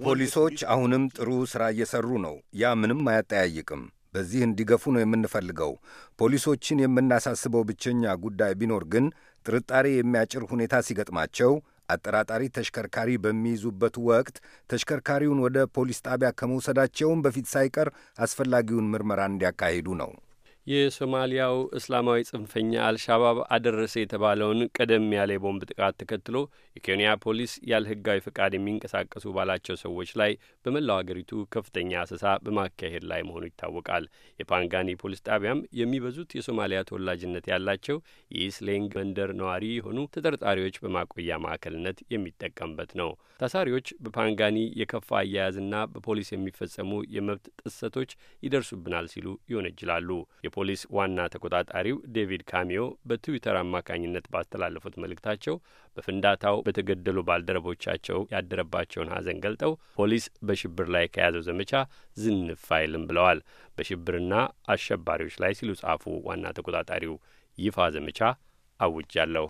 ፖሊሶች አሁንም ጥሩ ሥራ እየሠሩ ነው። ያ ምንም አያጠያይቅም። በዚህ እንዲገፉ ነው የምንፈልገው። ፖሊሶችን የምናሳስበው ብቸኛ ጉዳይ ቢኖር ግን ጥርጣሬ የሚያጭር ሁኔታ ሲገጥማቸው አጠራጣሪ ተሽከርካሪ በሚይዙበት ወቅት ተሽከርካሪውን ወደ ፖሊስ ጣቢያ ከመውሰዳቸውም በፊት ሳይቀር አስፈላጊውን ምርመራ እንዲያካሂዱ ነው። የሶማሊያው እስላማዊ ጽንፈኛ አልሻባብ አደረሰ የተባለውን ቀደም ያለ የቦምብ ጥቃት ተከትሎ የኬንያ ፖሊስ ያለ ሕጋዊ ፈቃድ የሚንቀሳቀሱ ባላቸው ሰዎች ላይ በመላው አገሪቱ ከፍተኛ አሰሳ በማካሄድ ላይ መሆኑ ይታወቃል። የፓንጋኒ ፖሊስ ጣቢያም የሚበዙት የሶማሊያ ተወላጅነት ያላቸው የኢስሌንግ መንደር ነዋሪ የሆኑ ተጠርጣሪዎች በማቆያ ማዕከልነት የሚጠቀምበት ነው። ታሳሪዎች በፓንጋኒ የከፋ አያያዝና በፖሊስ የሚፈጸሙ የመብት ጥሰቶች ይደርሱብናል ሲሉ ይወነጅላሉ። የፖሊስ ዋና ተቆጣጣሪው ዴቪድ ካሚዮ በትዊተር አማካኝነት ባስተላለፉት መልእክታቸው በፍንዳታው በተገደሉ ባልደረቦቻቸው ያደረባቸውን ሐዘን ገልጠው ፖሊስ በሽብር ላይ ከያዘው ዘመቻ ዝንፍ አይልም ብለዋል። በሽብርና አሸባሪዎች ላይ ሲሉ ጻፉ። ዋና ተቆጣጣሪው ይፋ ዘመቻ አውጃለሁ።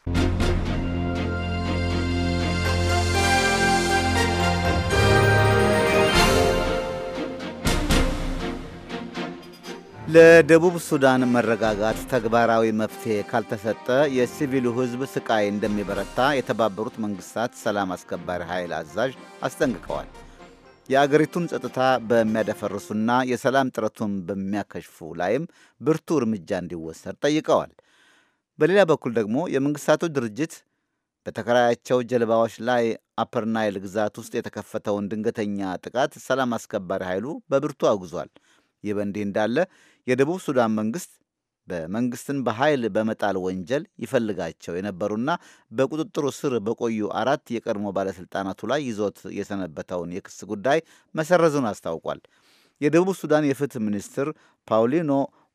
ለደቡብ ሱዳን መረጋጋት ተግባራዊ መፍትሄ ካልተሰጠ የሲቪሉ ሕዝብ ስቃይ እንደሚበረታ የተባበሩት መንግስታት ሰላም አስከባሪ ኃይል አዛዥ አስጠንቅቀዋል። የአገሪቱን ጸጥታ በሚያደፈርሱና የሰላም ጥረቱን በሚያከሽፉ ላይም ብርቱ እርምጃ እንዲወሰድ ጠይቀዋል። በሌላ በኩል ደግሞ የመንግስታቱ ድርጅት በተከራያቸው ጀልባዎች ላይ አፐርናይል ግዛት ውስጥ የተከፈተውን ድንገተኛ ጥቃት ሰላም አስከባሪ ኃይሉ በብርቱ አውግዟል። ይህ በእንዲህ እንዳለ የደቡብ ሱዳን መንግስት በመንግስትን በኃይል በመጣል ወንጀል ይፈልጋቸው የነበሩና በቁጥጥሩ ስር በቆዩ አራት የቀድሞ ባለሥልጣናቱ ላይ ይዞት የሰነበተውን የክስ ጉዳይ መሰረዙን አስታውቋል። የደቡብ ሱዳን የፍትህ ሚኒስትር ፓውሊኖ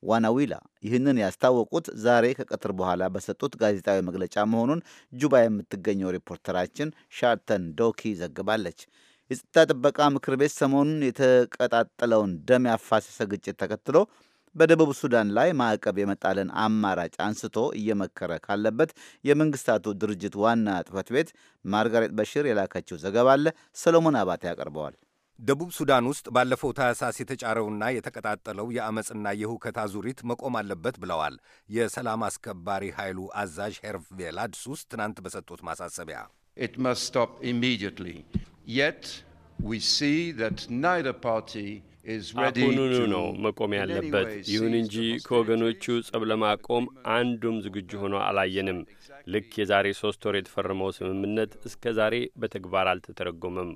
ዋናዊላ ይህንን ያስታወቁት ዛሬ ከቀትር በኋላ በሰጡት ጋዜጣዊ መግለጫ መሆኑን ጁባ የምትገኘው ሪፖርተራችን ሻርተን ዶኪ ዘግባለች። የጸጥታ ጥበቃ ምክር ቤት ሰሞኑን የተቀጣጠለውን ደም ያፋሰሰ ግጭት ተከትሎ በደቡብ ሱዳን ላይ ማዕቀብ የመጣልን አማራጭ አንስቶ እየመከረ ካለበት የመንግስታቱ ድርጅት ዋና ጥፈት ቤት ማርጋሬት በሽር የላከችው ዘገባ አለ። ሰሎሞን አባቴ ያቀርበዋል። ደቡብ ሱዳን ውስጥ ባለፈው ታህሳስ የተጫረውና የተቀጣጠለው የአመፅና የሁከት አዙሪት መቆም አለበት ብለዋል የሰላም አስከባሪ ኃይሉ አዛዥ ሄርቬ ቬላድሱስ ትናንት በሰጡት ማሳሰቢያ። It must stop የት Yet we see አሁኑኑ ነው መቆም ያለበት። ይሁን እንጂ ከወገኖቹ ጸብ ለማቆም አንዱም ዝግጁ ሆኖ አላየንም። ልክ የዛሬ ሶስት ወር የተፈረመው ስምምነት እስከ ዛሬ በተግባር አልተተረጎመም።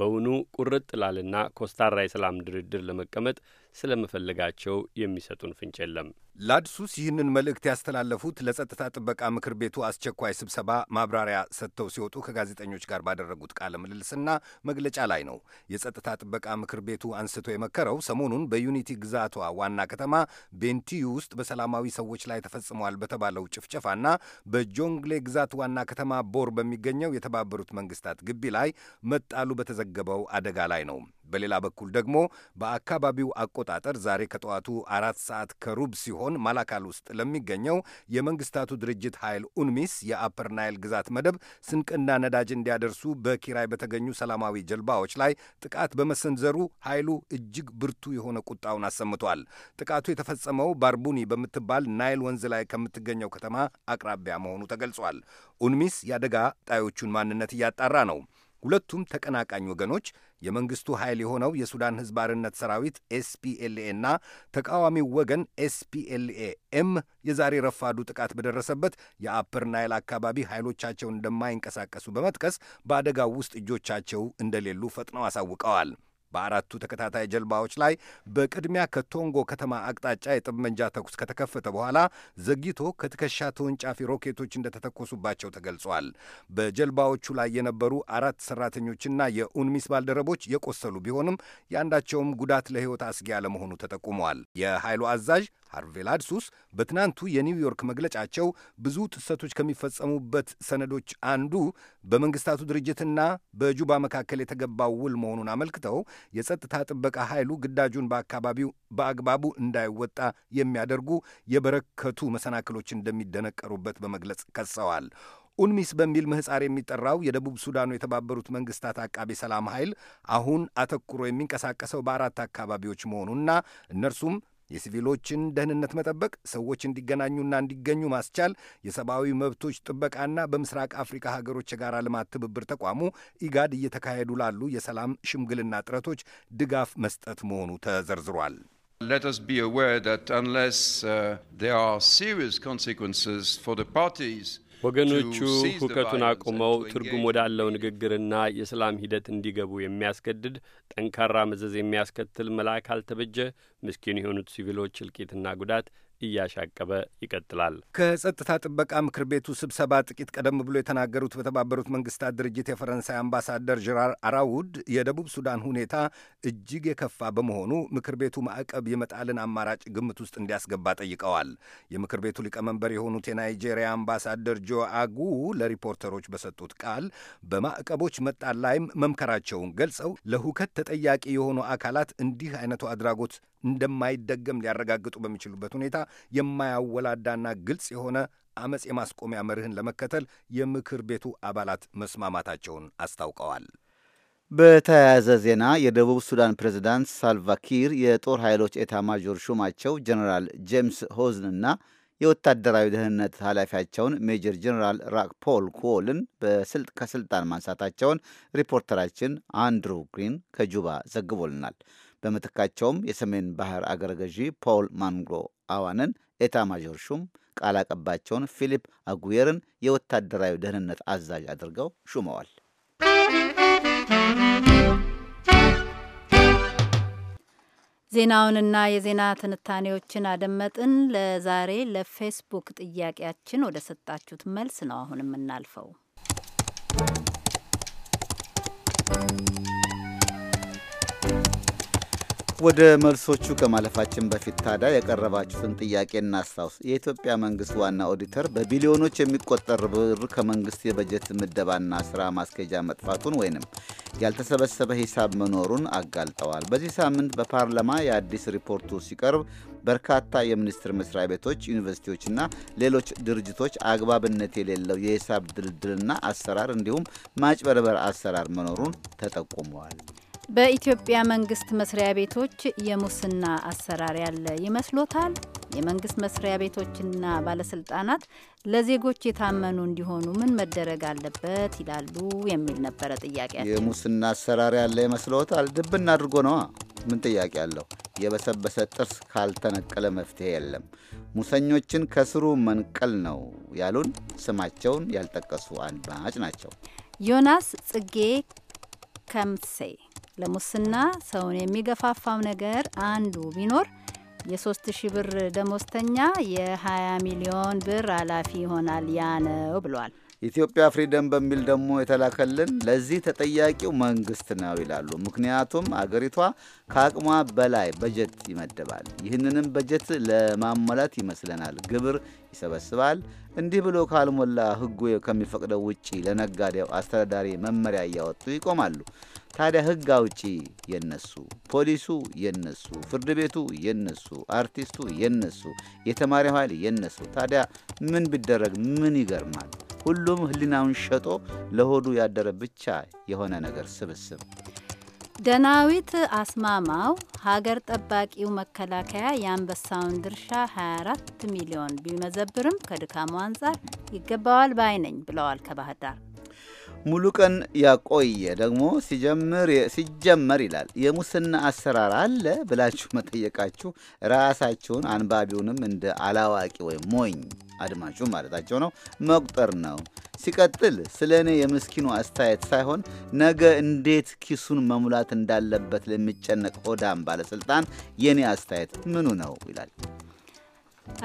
በውኑ ቁርጥ ላልና ኮስታራ የሰላም ድርድር ለመቀመጥ ስለመፈለጋቸው የሚሰጡን ፍንጭ የለም። ላድሱስ ይህንን መልእክት ያስተላለፉት ለጸጥታ ጥበቃ ምክር ቤቱ አስቸኳይ ስብሰባ ማብራሪያ ሰጥተው ሲወጡ ከጋዜጠኞች ጋር ባደረጉት ቃለ ምልልስና መግለጫ ላይ ነው። የጸጥታ ጥበቃ ምክር ቤቱ አንስቶ የመከረው ሰሞኑን በዩኒቲ ግዛቷ ዋና ከተማ ቤንቲዩ ውስጥ በሰላማዊ ሰዎች ላይ ተፈጽመዋል በተባለው ጭፍጨፋና በጆንግሌ ግዛት ዋና ከተማ ቦር በሚገኘው የተባበሩት መንግስታት ግቢ ላይ መጣሉ በተዘገበው አደጋ ላይ ነው። በሌላ በኩል ደግሞ በአካባቢው አቆጣጠር ዛሬ ከጠዋቱ አራት ሰዓት ከሩብ ሲሆን ማላካል ውስጥ ለሚገኘው የመንግስታቱ ድርጅት ኃይል ኡንሚስ የአፐር ናይል ግዛት መደብ ስንቅና ነዳጅ እንዲያደርሱ በኪራይ በተገኙ ሰላማዊ ጀልባዎች ላይ ጥቃት በመሰንዘሩ ኃይሉ እጅግ ብርቱ የሆነ ቁጣውን አሰምቷል። ጥቃቱ የተፈጸመው ባርቡኒ በምትባል ናይል ወንዝ ላይ ከምትገኘው ከተማ አቅራቢያ መሆኑ ተገልጿል። ኡንሚስ የአደጋ ጣዮቹን ማንነት እያጣራ ነው። ሁለቱም ተቀናቃኝ ወገኖች የመንግስቱ ኃይል የሆነው የሱዳን ህዝብ አርነት ሰራዊት ኤስፒኤልኤ እና ተቃዋሚው ወገን ኤስፒኤልኤ ኤም የዛሬ ረፋዱ ጥቃት በደረሰበት የአፐር ናይል አካባቢ ኃይሎቻቸውን እንደማይንቀሳቀሱ በመጥቀስ በአደጋው ውስጥ እጆቻቸው እንደሌሉ ፈጥነው አሳውቀዋል። በአራቱ ተከታታይ ጀልባዎች ላይ በቅድሚያ ከቶንጎ ከተማ አቅጣጫ የጠመንጃ ተኩስ ከተከፈተ በኋላ ዘግይቶ ከትከሻ ተወንጫፊ ሮኬቶች እንደተተኮሱባቸው ተገልጿል። በጀልባዎቹ ላይ የነበሩ አራት ሰራተኞችና የኡንሚስ ባልደረቦች የቆሰሉ ቢሆንም የአንዳቸውም ጉዳት ለሕይወት አስጊ አለመሆኑ ተጠቁመዋል። የኃይሉ አዛዥ አርቬላድሱስ በትናንቱ የኒውዮርክ መግለጫቸው ብዙ ጥሰቶች ከሚፈጸሙበት ሰነዶች አንዱ በመንግስታቱ ድርጅትና በጁባ መካከል የተገባው ውል መሆኑን አመልክተው የጸጥታ ጥበቃ ኃይሉ ግዳጁን በአካባቢው በአግባቡ እንዳይወጣ የሚያደርጉ የበረከቱ መሰናክሎች እንደሚደነቀሩበት በመግለጽ ከሰዋል። ኡንሚስ በሚል ምህፃር የሚጠራው የደቡብ ሱዳኑ የተባበሩት መንግስታት አቃቤ ሰላም ኃይል አሁን አተኩሮ የሚንቀሳቀሰው በአራት አካባቢዎች መሆኑና እነርሱም የሲቪሎችን ደህንነት መጠበቅ፣ ሰዎች እንዲገናኙና እንዲገኙ ማስቻል፣ የሰብአዊ መብቶች ጥበቃና በምስራቅ አፍሪካ ሀገሮች የጋራ ልማት ትብብር ተቋሙ ኢጋድ እየተካሄዱ ላሉ የሰላም ሽምግልና ጥረቶች ድጋፍ መስጠት መሆኑ ተዘርዝሯል። Let us be aware that unless uh, there are serious consequences for the parties ወገኖቹ ሁከቱን አቁመው ትርጉም ወዳለው ንግግርና የሰላም ሂደት እንዲገቡ የሚያስገድድ ጠንካራ መዘዝ የሚያስከትል መልአክ አልተበጀ ምስኪን የሆኑት ሲቪሎች እልቂትና ጉዳት እያሻቀበ ይቀጥላል። ከጸጥታ ጥበቃ ምክር ቤቱ ስብሰባ ጥቂት ቀደም ብሎ የተናገሩት በተባበሩት መንግስታት ድርጅት የፈረንሳይ አምባሳደር ጀራር አራውድ የደቡብ ሱዳን ሁኔታ እጅግ የከፋ በመሆኑ ምክር ቤቱ ማዕቀብ የመጣልን አማራጭ ግምት ውስጥ እንዲያስገባ ጠይቀዋል። የምክር ቤቱ ሊቀመንበር የሆኑት የናይጄሪያ አምባሳደር ጆ አጉ ለሪፖርተሮች በሰጡት ቃል በማዕቀቦች መጣል ላይም መምከራቸውን ገልጸው ለሁከት ተጠያቂ የሆኑ አካላት እንዲህ አይነቱ አድራጎት እንደማይደገም ሊያረጋግጡ በሚችሉበት ሁኔታ የማያወላዳና ግልጽ የሆነ አመፅ የማስቆሚያ መርህን ለመከተል የምክር ቤቱ አባላት መስማማታቸውን አስታውቀዋል። በተያያዘ ዜና የደቡብ ሱዳን ፕሬዝዳንት ሳልቫኪር የጦር ኃይሎች ኤታ ማዦር ሹማቸው ጀኔራል ጄምስ ሆዝን እና የወታደራዊ ደህንነት ኃላፊያቸውን ሜጀር ጀኔራል ፖል ኩዎልን ከስልጣን ማንሳታቸውን ሪፖርተራችን አንድሩ ግሪን ከጁባ ዘግቦልናል። በምትካቸውም የሰሜን ባህር አገረ ገዢ ፖል ማንጎ አዋንን ኤታ ማዦር ሹም ቃል አቀባቸውን ፊሊፕ አጉየርን የወታደራዊ ደህንነት አዛዥ አድርገው ሹመዋል። ዜናውንና የዜና ትንታኔዎችን አደመጥን። ለዛሬ ለፌስቡክ ጥያቄያችን ወደ ሰጣችሁት መልስ ነው አሁን የምናልፈው። ወደ መልሶቹ ከማለፋችን በፊት ታዲያ የቀረባችሁትን ጥያቄ እናስታውስ። የኢትዮጵያ መንግስት ዋና ኦዲተር በቢሊዮኖች የሚቆጠር ብር ከመንግስት የበጀት ምደባና ስራ ማስኬጃ መጥፋቱን ወይንም ያልተሰበሰበ ሂሳብ መኖሩን አጋልጠዋል። በዚህ ሳምንት በፓርላማ የአዲስ ሪፖርቱ ሲቀርብ በርካታ የሚኒስቴር መስሪያ ቤቶች፣ ዩኒቨርሲቲዎችና ሌሎች ድርጅቶች አግባብነት የሌለው የሂሳብ ድልድልና አሰራር እንዲሁም ማጭበርበር አሰራር መኖሩን ተጠቁመዋል። በኢትዮጵያ መንግስት መስሪያ ቤቶች የሙስና አሰራር ያለ ይመስሎታል? የመንግስት መስሪያ ቤቶችና ባለስልጣናት ለዜጎች የታመኑ እንዲሆኑ ምን መደረግ አለበት ይላሉ የሚል ነበረ ጥያቄ የሙስና አሰራር ያለ ይመስሎታል? ድብን አድርጎ ነዋ። ምን ጥያቄ አለው? የበሰበሰ ጥርስ ካልተነቀለ መፍትሄ የለም። ሙሰኞችን ከስሩ መንቀል ነው ያሉን ስማቸውን ያልጠቀሱ አድማጭ ናቸው። ዮናስ ጽጌ ከምሴ ለሙስና ሰውን የሚገፋፋው ነገር አንዱ ቢኖር የሶስት ሺ ብር ደሞዝተኛ የ20 ሚሊዮን ብር ኃላፊ ይሆናል ያ ነው ብሏል። ኢትዮጵያ ፍሪደም በሚል ደግሞ የተላከልን ለዚህ ተጠያቂው መንግስት ነው ይላሉ። ምክንያቱም አገሪቷ ከአቅሟ በላይ በጀት ይመድባል። ይህንንም በጀት ለማሟላት ይመስለናል ግብር ይሰበስባል። እንዲህ ብሎ ካልሞላ ህጉ ከሚፈቅደው ውጪ ለነጋዴው አስተዳዳሪ መመሪያ እያወጡ ይቆማሉ። ታዲያ ህግ አውጪ የነሱ፣ ፖሊሱ የነሱ፣ ፍርድ ቤቱ የነሱ፣ አርቲስቱ የነሱ፣ የተማሪው ኃይል የነሱ። ታዲያ ምን ቢደረግ ምን ይገርማል? ሁሉም ህሊናውን ሸጦ ለሆዱ ያደረ ብቻ የሆነ ነገር ስብስብ። ደናዊት አስማማው ሀገር ጠባቂው መከላከያ የአንበሳውን ድርሻ 24 ሚሊዮን ቢመዘብርም ከድካሙ አንጻር ይገባዋል ባይነኝ ብለዋል ከባህር ዳር ሙሉ ቀን ያቆየ ደግሞ ሲጀመር ይላል የሙስና አሰራር አለ ብላችሁ መጠየቃችሁ ራሳችሁን አንባቢውንም እንደ አላዋቂ ወይም ሞኝ አድማጩ ማለታቸው ነው መቁጠር ነው። ሲቀጥል ስለ እኔ የምስኪኑ አስተያየት ሳይሆን ነገ እንዴት ኪሱን መሙላት እንዳለበት ለሚጨነቅ ሆዳም ባለስልጣን የእኔ አስተያየት ምኑ ነው ይላል።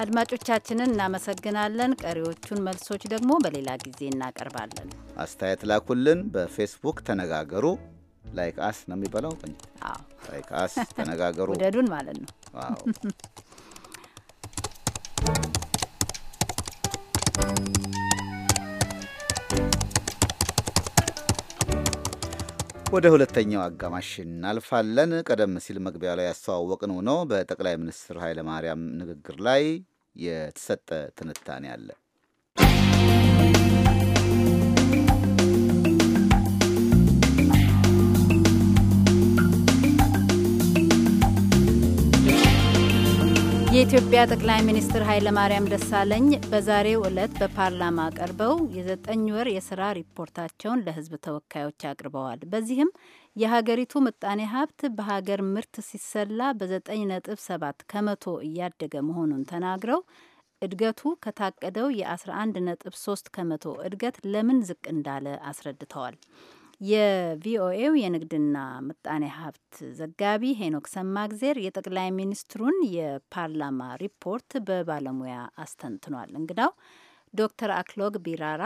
አድማጮቻችንን እናመሰግናለን። ቀሪዎቹን መልሶች ደግሞ በሌላ ጊዜ እናቀርባለን። አስተያየት ላኩልን። በፌስቡክ ተነጋገሩ። ላይክ አስ ነው የሚባለው። ላይክ አስ ተነጋገሩ። ውደዱን ማለት ነው። ወደ ሁለተኛው አጋማሽ እናልፋለን። ቀደም ሲል መግቢያው ላይ ያስተዋወቅነው ነው። በጠቅላይ ሚኒስትር ኃይለማርያም ንግግር ላይ የተሰጠ ትንታኔ አለ። የኢትዮጵያ ጠቅላይ ሚኒስትር ኃይለማርያም ደሳለኝ በዛሬው ዕለት በፓርላማ ቀርበው የዘጠኝ ወር የስራ ሪፖርታቸውን ለሕዝብ ተወካዮች አቅርበዋል። በዚህም የሀገሪቱ ምጣኔ ሀብት በሀገር ምርት ሲሰላ በዘጠኝ ነጥብ ሰባት ከመቶ እያደገ መሆኑን ተናግረው እድገቱ ከታቀደው የ11 ነጥብ 3 ከመቶ እድገት ለምን ዝቅ እንዳለ አስረድተዋል። የቪኦኤው የንግድና ምጣኔ ሀብት ዘጋቢ ሄኖክ ሰማግዜር የጠቅላይ ሚኒስትሩን የፓርላማ ሪፖርት በባለሙያ አስተንትኗል። እንግዳው ዶክተር አክሎግ ቢራራ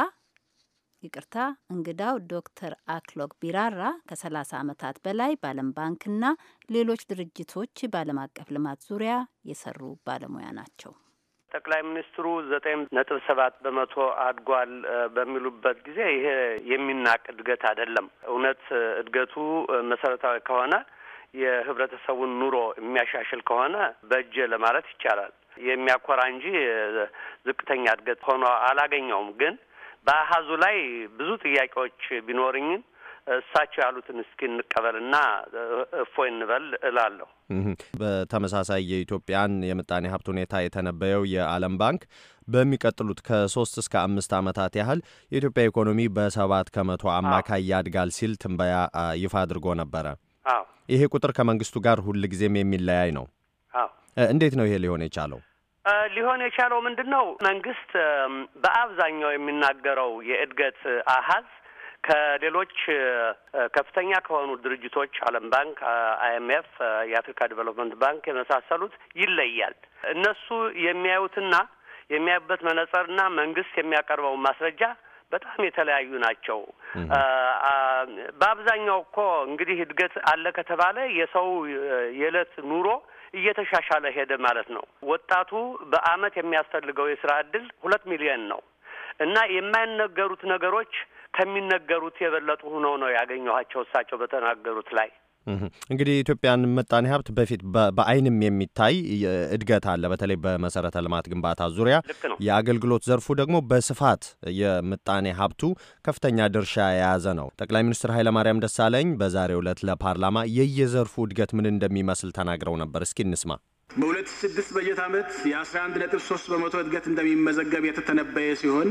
ይቅርታ፣ እንግዳው ዶክተር አክሎግ ቢራራ ከ30 ዓመታት በላይ በዓለም ባንክና ሌሎች ድርጅቶች በዓለም አቀፍ ልማት ዙሪያ የሰሩ ባለሙያ ናቸው። ጠቅላይ ሚኒስትሩ ዘጠኝ ነጥብ ሰባት በመቶ አድጓል በሚሉበት ጊዜ ይሄ የሚናቅ እድገት አይደለም። እውነት እድገቱ መሰረታዊ ከሆነ የህብረተሰቡን ኑሮ የሚያሻሽል ከሆነ በእጄ ለማለት ይቻላል። የሚያኮራ እንጂ ዝቅተኛ እድገት ሆኖ አላገኘውም። ግን በአሀዙ ላይ ብዙ ጥያቄዎች ቢኖርኝን እሳቸው ያሉትን እስኪ እንቀበልና እፎይ እንበል እላለሁ። በተመሳሳይ የኢትዮጵያን የምጣኔ ሀብት ሁኔታ የተነበየው የዓለም ባንክ በሚቀጥሉት ከሶስት እስከ አምስት ዓመታት ያህል የኢትዮጵያ ኢኮኖሚ በሰባት ከመቶ አማካይ ያድጋል ሲል ትንበያ ይፋ አድርጎ ነበረ። ይሄ ቁጥር ከመንግስቱ ጋር ሁልጊዜም የሚለያይ ነው። እንዴት ነው ይሄ ሊሆን የቻለው? ሊሆን የቻለው ምንድን ነው? መንግስት በአብዛኛው የሚናገረው የእድገት አሀዝ ከሌሎች ከፍተኛ ከሆኑ ድርጅቶች ዓለም ባንክ፣ አይኤምኤፍ፣ የአፍሪካ ዲቨሎፕመንት ባንክ የመሳሰሉት ይለያል። እነሱ የሚያዩትና የሚያዩበት መነጽርና መንግስት የሚያቀርበው ማስረጃ በጣም የተለያዩ ናቸው። በአብዛኛው እኮ እንግዲህ እድገት አለ ከተባለ የሰው የዕለት ኑሮ እየተሻሻለ ሄደ ማለት ነው። ወጣቱ በአመት የሚያስፈልገው የስራ እድል ሁለት ሚሊዮን ነው እና የማይነገሩት ነገሮች ከሚነገሩት የበለጡ ሆነው ነው ያገኘኋቸው እሳቸው በተናገሩት ላይ እንግዲህ የኢትዮጵያን ምጣኔ ሀብት በፊት በአይንም የሚታይ እድገት አለ። በተለይ በመሰረተ ልማት ግንባታ ዙሪያ የአገልግሎት ዘርፉ ደግሞ በስፋት የምጣኔ ሀብቱ ከፍተኛ ድርሻ የያዘ ነው። ጠቅላይ ሚኒስትር ኃይለማርያም ደሳለኝ በዛሬው ዕለት ለፓርላማ የየዘርፉ እድገት ምን እንደሚመስል ተናግረው ነበር። እስኪ እንስማ። በ2006 በጀት ዓመት የ11.3 በመቶ እድገት እንደሚመዘገብ የተተነበየ ሲሆን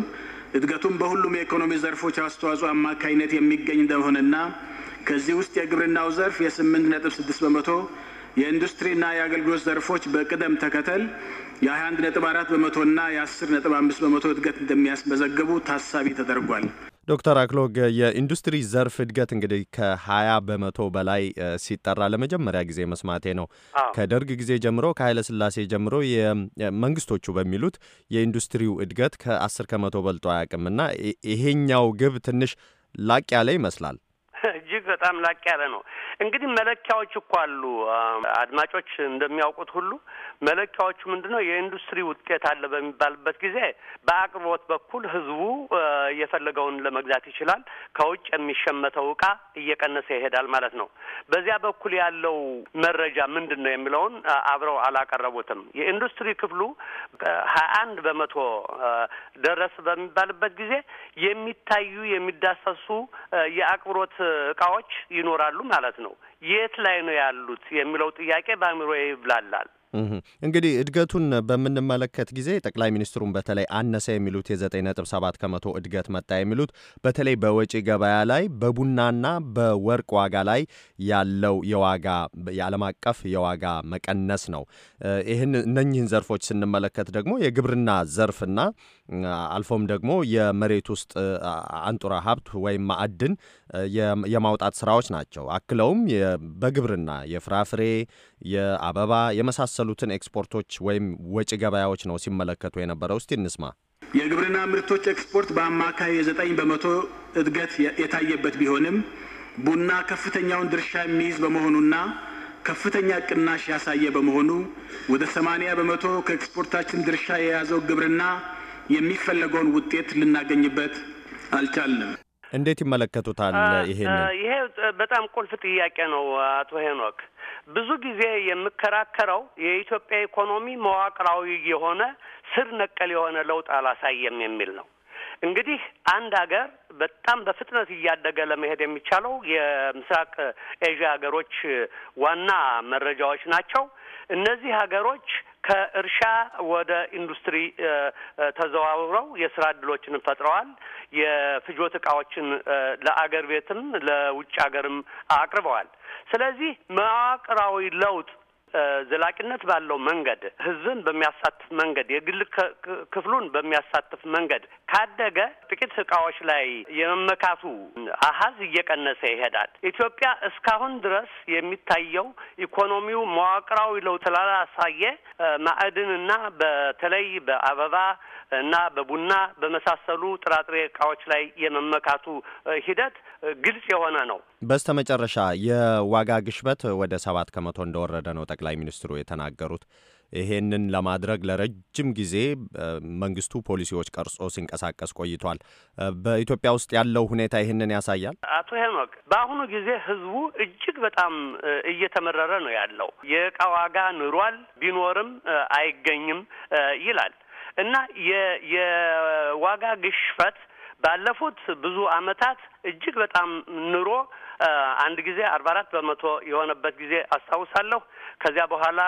እድገቱም በሁሉም የኢኮኖሚ ዘርፎች አስተዋጽኦ አማካኝነት የሚገኝ እንደሆነና ከዚህ ውስጥ የግብርናው ዘርፍ የ8.6 በመቶ የኢንዱስትሪና የአገልግሎት ዘርፎች በቅደም ተከተል የ21.4 በመቶና የ10.5 በመቶ እድገት እንደሚያስመዘግቡ ታሳቢ ተደርጓል። ዶክተር አክሎግ የኢንዱስትሪ ዘርፍ እድገት እንግዲህ ከሀያ በመቶ በላይ ሲጠራ ለመጀመሪያ ጊዜ መስማቴ ነው። ከደርግ ጊዜ ጀምሮ ከኃይለ ስላሴ ጀምሮ መንግስቶቹ በሚሉት የኢንዱስትሪው እድገት ከአስር ከመቶ በልጦ አያውቅም እና ይሄኛው ግብ ትንሽ ላቅ ያለ ይመስላል። እጅግ በጣም ላቅ ያለ ነው። እንግዲህ መለኪያዎች እኮ አሉ። አድማጮች እንደሚያውቁት ሁሉ መለኪያዎቹ ምንድን ነው? የኢንዱስትሪ ውጤት አለ በሚባልበት ጊዜ በአቅርቦት በኩል ህዝቡ የፈለገውን ለመግዛት ይችላል። ከውጭ የሚሸመተው እቃ እየቀነሰ ይሄዳል ማለት ነው። በዚያ በኩል ያለው መረጃ ምንድን ነው የሚለውን አብረው አላቀረቡትም። የኢንዱስትሪ ክፍሉ ሀያ አንድ በመቶ ደረስ በሚባልበት ጊዜ የሚታዩ የሚዳሰሱ የአቅርቦት እቃዎች ይኖራሉ ማለት ነው። የት ላይ ነው ያሉት የሚለው ጥያቄ በአእምሮ ይብላላል። እንግዲህ እድገቱን በምንመለከት ጊዜ ጠቅላይ ሚኒስትሩን በተለይ አነሰ የሚሉት የ9.7 ከመቶ እድገት መጣ የሚሉት በተለይ በወጪ ገበያ ላይ በቡናና በወርቅ ዋጋ ላይ ያለው የዋጋ የዓለም አቀፍ የዋጋ መቀነስ ነው። ይህን እነኚህን ዘርፎች ስንመለከት ደግሞ የግብርና ዘርፍና አልፎም ደግሞ የመሬት ውስጥ አንጡራ ሀብት ወይም ማዕድን የማውጣት ስራዎች ናቸው። አክለውም በግብርና የፍራፍሬ የአበባ የመሳሰሉትን ኤክስፖርቶች ወይም ወጪ ገበያዎች ነው ሲመለከቱ የነበረው። እስቲ እንስማ። የግብርና ምርቶች ኤክስፖርት በአማካይ የዘጠኝ በመቶ እድገት የታየበት ቢሆንም ቡና ከፍተኛውን ድርሻ የሚይዝ በመሆኑና ከፍተኛ ቅናሽ ያሳየ በመሆኑ ወደ ሰማንያ በመቶ ከኤክስፖርታችን ድርሻ የያዘው ግብርና የሚፈለገውን ውጤት ልናገኝበት አልቻለም። እንዴት ይመለከቱታል? ይሄ ይሄ በጣም ቁልፍ ጥያቄ ነው አቶ ሄኖክ ብዙ ጊዜ የምከራከረው የኢትዮጵያ ኢኮኖሚ መዋቅራዊ የሆነ ስር ነቀል የሆነ ለውጥ አላሳየም የሚል ነው። እንግዲህ አንድ ሀገር በጣም በፍጥነት እያደገ ለመሄድ የሚቻለው የምስራቅ ኤዥያ ሀገሮች ዋና መረጃዎች ናቸው። እነዚህ ሀገሮች ከእርሻ ወደ ኢንዱስትሪ ተዘዋውረው የስራ እድሎችንም ፈጥረዋል። የፍጆት እቃዎችን ለአገር ቤትም ለውጭ ሀገርም አቅርበዋል። ስለዚህ መዋቅራዊ ለውጥ ዘላቂነት ባለው መንገድ ህዝብን በሚያሳትፍ መንገድ የግል ክፍሉን በሚያሳትፍ መንገድ ካደገ ጥቂት እቃዎች ላይ የመመካቱ አሀዝ እየቀነሰ ይሄዳል። ኢትዮጵያ እስካሁን ድረስ የሚታየው ኢኮኖሚው መዋቅራዊ ለውጥ ስላላሳየ ማዕድንና በተለይ በአበባ እና በቡና በመሳሰሉ ጥራጥሬ እቃዎች ላይ የመመካቱ ሂደት ግልጽ የሆነ ነው። በስተ መጨረሻ የዋጋ ግሽበት ወደ ሰባት ከመቶ እንደወረደ ነው ጠቅላይ ሚኒስትሩ የተናገሩት። ይሄንን ለማድረግ ለረጅም ጊዜ መንግስቱ ፖሊሲዎች ቀርጾ ሲንቀሳቀስ ቆይቷል። በኢትዮጵያ ውስጥ ያለው ሁኔታ ይህንን ያሳያል። አቶ ሄኖክ፣ በአሁኑ ጊዜ ህዝቡ እጅግ በጣም እየተመረረ ነው ያለው። የእቃ ዋጋ ኑሯል፣ ቢኖርም አይገኝም ይላል እና የዋጋ ግሽፈት ባለፉት ብዙ አመታት እጅግ በጣም ኑሮ አንድ ጊዜ አርባ አራት በመቶ የሆነበት ጊዜ አስታውሳለሁ። ከዚያ በኋላ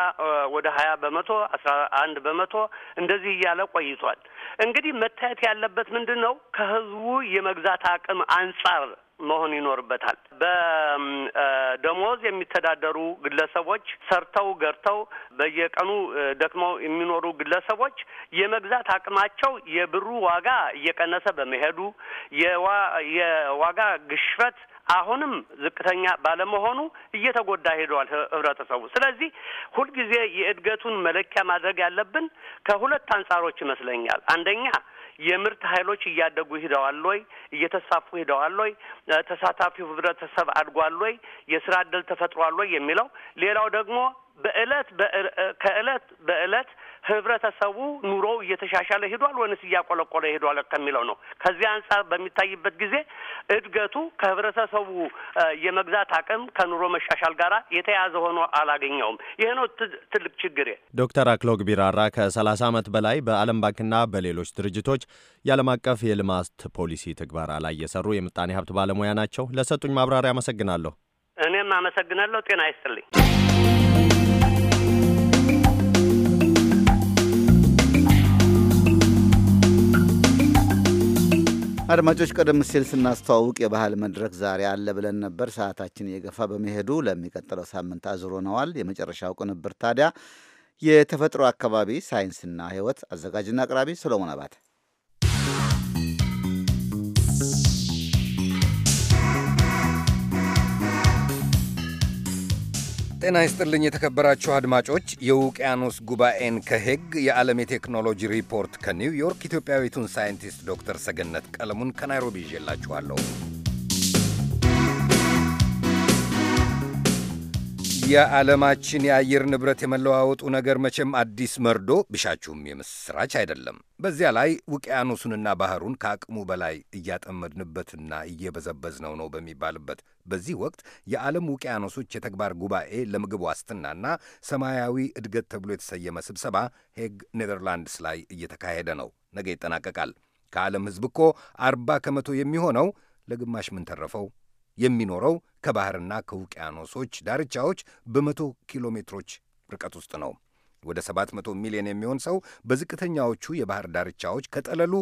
ወደ ሀያ በመቶ አስራ አንድ በመቶ እንደዚህ እያለ ቆይቷል። እንግዲህ መታየት ያለበት ምንድን ነው? ከህዝቡ የመግዛት አቅም አንጻር መሆን ይኖርበታል። በደሞዝ የሚተዳደሩ ግለሰቦች ሰርተው ገርተው በየቀኑ ደክመው የሚኖሩ ግለሰቦች የመግዛት አቅማቸው የብሩ ዋጋ እየቀነሰ በመሄዱ የዋጋ ግሽበት አሁንም ዝቅተኛ ባለመሆኑ እየተጎዳ ሄደዋል ህብረተሰቡ። ስለዚህ ሁልጊዜ የእድገቱን መለኪያ ማድረግ ያለብን ከሁለት አንጻሮች ይመስለኛል። አንደኛ የምርት ኃይሎች እያደጉ ሂደዋል ወይ? እየተስፋፉ ሂደዋል ወይ? ተሳታፊው ህብረተሰብ አድጓል ወይ? የስራ እድል ተፈጥሯል ወይ? የሚለው ሌላው ደግሞ በእለት ከእለት በእለት ህብረተሰቡ ኑሮው እየተሻሻለ ሄዷል ወይንስ እያቆለቆለ ሄዷል ከሚለው ነው። ከዚህ አንጻር በሚታይበት ጊዜ እድገቱ ከህብረተሰቡ የመግዛት አቅም ከኑሮ መሻሻል ጋር የተያዘ ሆኖ አላገኘውም። ይህ ነው ትልቅ ችግር ዶክተር አክሎግ ቢራራ ከሰላሳ ዓመት በላይ በዓለም ባንክና በሌሎች ድርጅቶች የዓለም አቀፍ የልማት ፖሊሲ ትግበራ ላይ የሰሩ የምጣኔ ሀብት ባለሙያ ናቸው። ለሰጡኝ ማብራሪያ አመሰግናለሁ። እኔም አመሰግናለሁ። ጤና ይስጥልኝ። አድማጮች ቀደም ሲል ስናስተዋውቅ የባህል መድረክ ዛሬ አለ ብለን ነበር። ሰዓታችን እየገፋ በመሄዱ ለሚቀጥለው ሳምንት አዙረነዋል። የመጨረሻው ቅንብር ታዲያ የተፈጥሮ አካባቢ ሳይንስና ሕይወት አዘጋጅና አቅራቢ ሰሎሞን አባተ ጤና ይስጥልኝ የተከበራችሁ አድማጮች። የውቅያኖስ ጉባኤን ከሄግ የዓለም የቴክኖሎጂ ሪፖርት ከኒውዮርክ ኢትዮጵያዊቱን ሳይንቲስት ዶክተር ሰገነት ቀለሙን ከናይሮቢ ይዤላችኋለሁ። የዓለማችን የአየር ንብረት የመለዋወጡ ነገር መቼም አዲስ መርዶ ብሻችሁም የምስራች አይደለም። በዚያ ላይ ውቅያኖሱንና ባህሩን ከአቅሙ በላይ እያጠመድንበትና እየበዘበዝነው ነው በሚባልበት በዚህ ወቅት የዓለም ውቅያኖሶች የተግባር ጉባኤ ለምግብ ዋስትናና ሰማያዊ እድገት ተብሎ የተሰየመ ስብሰባ ሄግ ኔዘርላንድስ ላይ እየተካሄደ ነው። ነገ ይጠናቀቃል። ከዓለም ሕዝብ እኮ አርባ ከመቶ የሚሆነው ለግማሽ ምን ተረፈው የሚኖረው ከባህርና ከውቅያኖሶች ዳርቻዎች በመቶ ኪሎ ሜትሮች ርቀት ውስጥ ነው። ወደ 700 ሚሊዮን የሚሆን ሰው በዝቅተኛዎቹ የባህር ዳርቻዎች ከጠለሉ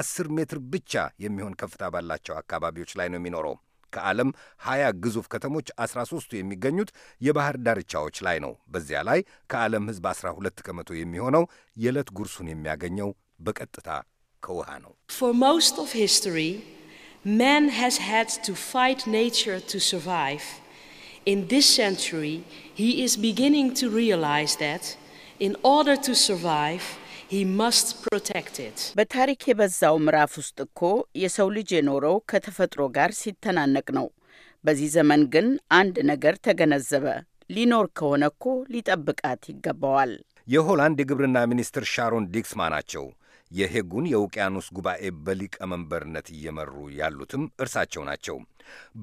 10 ሜትር ብቻ የሚሆን ከፍታ ባላቸው አካባቢዎች ላይ ነው የሚኖረው። ከዓለም 20 ግዙፍ ከተሞች 13ቱ የሚገኙት የባህር ዳርቻዎች ላይ ነው። በዚያ ላይ ከዓለም ሕዝብ 12 ከመቶ የሚሆነው የዕለት ጉርሱን የሚያገኘው በቀጥታ ከውሃ ነው። Man has had to fight nature to survive. In this century, he is beginning to realize that, in order to survive, he must protect it. በታሪክ የበዛው ምዕራፍ ውስጥ እኮ የሰው ልጅ የኖረው ከተፈጥሮ ጋር ሲተናነቅ ነው። በዚህ ዘመን ግን አንድ ነገር ተገነዘበ። ሊኖር ከሆነ እኮ ሊጠብቃት ይገባዋል። የሆላንድ የግብርና ሚኒስትር ሻሮን ዲክስማ ናቸው። የሄጉን የውቅያኖስ ጉባኤ በሊቀመንበርነት እየመሩ ያሉትም እርሳቸው ናቸው።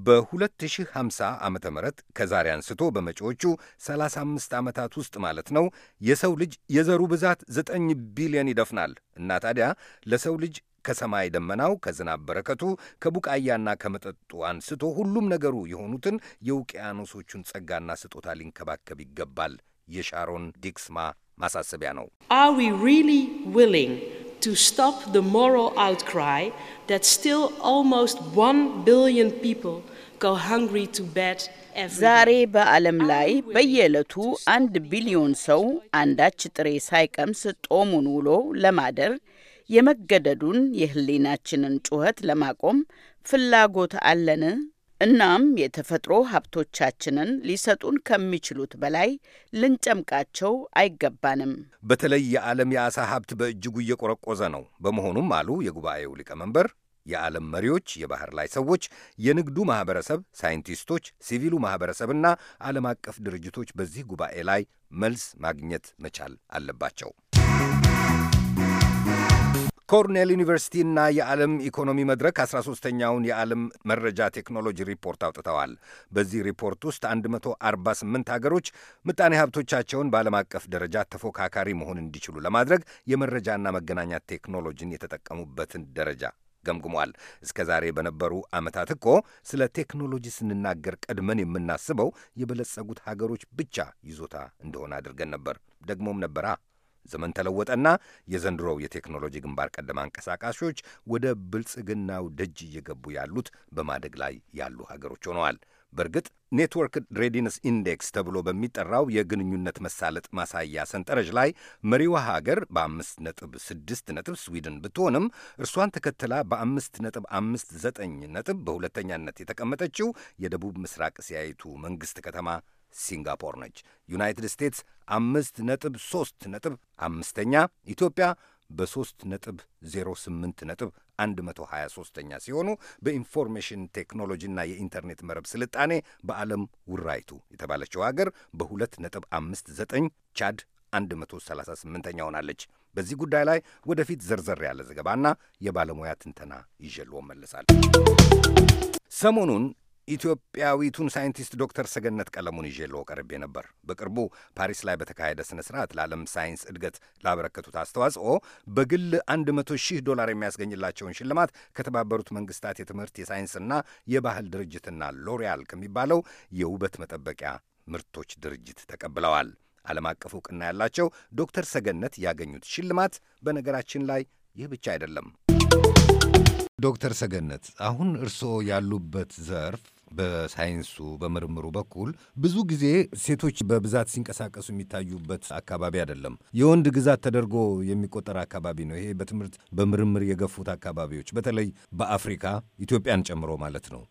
በ2050 ዓ ም ከዛሬ አንስቶ በመጪዎቹ 35 ዓመታት ውስጥ ማለት ነው የሰው ልጅ የዘሩ ብዛት 9 ቢሊዮን ይደፍናል እና ታዲያ ለሰው ልጅ ከሰማይ ደመናው ከዝናብ በረከቱ ከቡቃያና ከመጠጡ አንስቶ ሁሉም ነገሩ የሆኑትን የውቅያኖሶቹን ጸጋና ስጦታ ሊንከባከብ ይገባል። የሻሮን ዲክስማ ማሳሰቢያ ነው። to stop the moral outcry that still almost one billion people go hungry to bed ዛሬ በዓለም ላይ በየዕለቱ አንድ ቢሊዮን ሰው አንዳች ጥሬ ሳይቀምስ ጦሙን ውሎ ለማደር የመገደዱን የህሊናችንን ጩኸት ለማቆም ፍላጎት አለን? እናም የተፈጥሮ ሀብቶቻችንን ሊሰጡን ከሚችሉት በላይ ልንጨምቃቸው አይገባንም። በተለይ የዓለም የአሳ ሀብት በእጅጉ እየቆረቆዘ ነው። በመሆኑም አሉ የጉባኤው ሊቀመንበር የዓለም መሪዎች፣ የባህር ላይ ሰዎች፣ የንግዱ ማኅበረሰብ፣ ሳይንቲስቶች፣ ሲቪሉ ማኅበረሰብና ዓለም አቀፍ ድርጅቶች በዚህ ጉባኤ ላይ መልስ ማግኘት መቻል አለባቸው። ኮርኔል ዩኒቨርሲቲ እና የዓለም ኢኮኖሚ መድረክ 13ተኛውን የዓለም መረጃ ቴክኖሎጂ ሪፖርት አውጥተዋል። በዚህ ሪፖርት ውስጥ 148 ሀገሮች ምጣኔ ሀብቶቻቸውን በዓለም አቀፍ ደረጃ ተፎካካሪ መሆን እንዲችሉ ለማድረግ የመረጃና መገናኛ ቴክኖሎጂን የተጠቀሙበትን ደረጃ ገምግሟል። እስከ ዛሬ በነበሩ ዓመታት እኮ ስለ ቴክኖሎጂ ስንናገር ቀድመን የምናስበው የበለጸጉት ሀገሮች ብቻ ይዞታ እንደሆነ አድርገን ነበር ደግሞም ነበራ። ዘመን ተለወጠና የዘንድሮው የቴክኖሎጂ ግንባር ቀደም አንቀሳቃሾች ወደ ብልጽግናው ደጅ እየገቡ ያሉት በማደግ ላይ ያሉ ሀገሮች ሆነዋል። በእርግጥ ኔትወርክ ሬዲነስ ኢንዴክስ ተብሎ በሚጠራው የግንኙነት መሳለጥ ማሳያ ሰንጠረዥ ላይ መሪዋ ሀገር በአምስት ነጥብ ስድስት ነጥብ ስዊድን ብትሆንም እርሷን ተከትላ በአምስት ነጥብ አምስት ዘጠኝ ነጥብ በሁለተኛነት የተቀመጠችው የደቡብ ምስራቅ እስያይቱ መንግስት ከተማ ሲንጋፖር ነች። ዩናይትድ ስቴትስ አምስት ነጥብ ሶስት ነጥብ አምስተኛ ኢትዮጵያ በሶስት ነጥብ ዜሮ ስምንት ነጥብ አንድ መቶ ሀያ ሶስተኛ ሲሆኑ በኢንፎርሜሽን ቴክኖሎጂና የኢንተርኔት መረብ ስልጣኔ በዓለም ውራይቱ የተባለችው ሀገር በሁለት ነጥብ አምስት ዘጠኝ ቻድ አንድ መቶ ሰላሳ ስምንተኛ ሆናለች። በዚህ ጉዳይ ላይ ወደፊት ዘርዘር ያለ ዘገባና የባለሙያ ትንተና ይዤልዎ መልሳል። ሰሞኑን ኢትዮጵያዊቱን ሳይንቲስት ዶክተር ሰገነት ቀለሙን ይዤለው ቀርቤ ነበር። በቅርቡ ፓሪስ ላይ በተካሄደ ስነ ስርዓት ለዓለም ሳይንስ እድገት ላበረከቱት አስተዋጽኦ በግል 100 ሺህ ዶላር የሚያስገኝላቸውን ሽልማት ከተባበሩት መንግስታት የትምህርት የሳይንስና የባህል ድርጅትና ሎሪያል ከሚባለው የውበት መጠበቂያ ምርቶች ድርጅት ተቀብለዋል። ዓለም አቀፍ እውቅና ያላቸው ዶክተር ሰገነት ያገኙት ሽልማት በነገራችን ላይ ይህ ብቻ አይደለም። ዶክተር ሰገነት አሁን እርስዎ ያሉበት ዘርፍ በሳይንሱ በምርምሩ በኩል ብዙ ጊዜ ሴቶች በብዛት ሲንቀሳቀሱ የሚታዩበት አካባቢ አይደለም። የወንድ ግዛት ተደርጎ የሚቆጠር አካባቢ ነው። ይሄ በትምህርት በምርምር የገፉት አካባቢዎች በተለይ በአፍሪካ ኢትዮጵያን ጨምሮ ማለት ነው።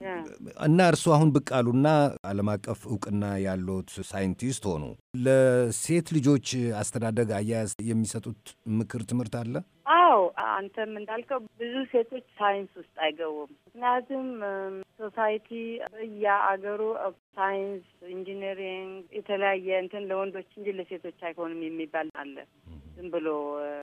እና እርሱ አሁን ብቅ አሉና ዓለም አቀፍ እውቅና ያሉት ሳይንቲስት ሆኑ። ለሴት ልጆች አስተዳደግ አያያዝ የሚሰጡት ምክር ትምህርት አለ? አዎ አንተም እንዳልከው ብዙ ሴቶች ሳይንስ ውስጥ አይገቡም። ምክንያቱም ሶሳይቲ በየአገሩ ሳይንስ፣ ኢንጂነሪንግ የተለያየ እንትን ለወንዶች እንጂ ለሴቶች አይሆንም የሚባል አለ። ዝም ብሎ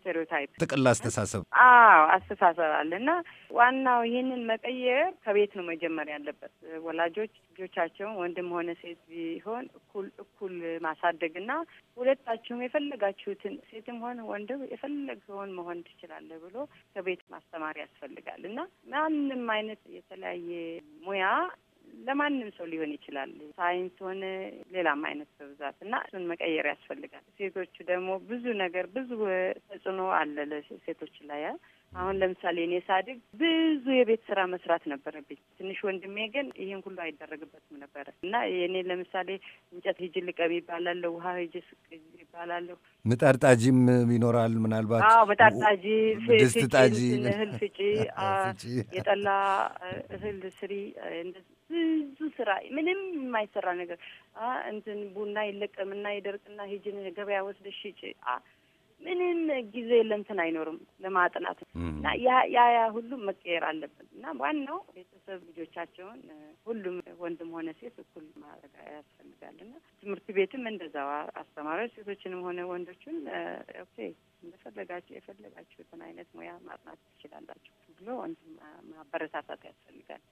ስቴሪዮታይፕ ጥቅል አስተሳሰብ አዎ አስተሳሰብ አለ እና ዋናው ይህንን መቀየር ከቤት ነው መጀመር ያለበት። ወላጆች ልጆቻቸውን ወንድም ሆነ ሴት ቢሆን እኩል እኩል ማሳደግና ሁለታችሁም የፈለጋችሁትን ሴትም ሆነ ወንድም የፈለገውን መሆን ትችላለህ ብሎ ከቤት ማስተማር ያስፈልጋል እና ማንም አይነት የተለያየ ሙያ ለማንም ሰው ሊሆን ይችላል። ሳይንስ ሆነ ሌላም አይነት በብዛት እና እሱን መቀየር ያስፈልጋል። ሴቶቹ ደግሞ ብዙ ነገር ብዙ ተጽዕኖ አለ ለሴቶች ላይ አሁን ለምሳሌ እኔ ሳድግ ብዙ የቤት ስራ መስራት ነበረብኝ። ትንሽ ወንድሜ ግን ይህን ሁሉ አይደረግበትም ነበረ እና የእኔ ለምሳሌ እንጨት ሂጂ ልቀም ይባላለሁ፣ ውሃ ሂጂ ስቅ ይባላለሁ። ምጣድ ጣጂም ይኖራል ምናልባት። አዎ ምጣድ ጣጂ፣ ድስት ጣጂ፣ እህል ፍጪ፣ የጠላ እህል ስሪ፣ ብዙ ስራ ምንም የማይሰራ ነገር እንትን ቡና ይለቀምና ይደርቅና ሂጂን ገበያ ወስደሽ ሽጪ ምንም ጊዜ ለእንትን አይኖርም ለማጥናት እና ያ ያ ሁሉም መቀየር አለብን እና ዋናው ቤተሰብ ልጆቻቸውን ሁሉም ወንድም ሆነ ሴት እኩል ማድረግ ያስፈልጋል እና ትምህርት ቤትም እንደዛው አስተማሪዎች ሴቶችንም ሆነ ወንዶችን ኦኬ እንደፈለጋችሁ የፈለጋችሁትን አይነት ሙያ ማጥናት ትችላላችሁ ብሎ ወንድም ማበረታታት ያስፈልጋል።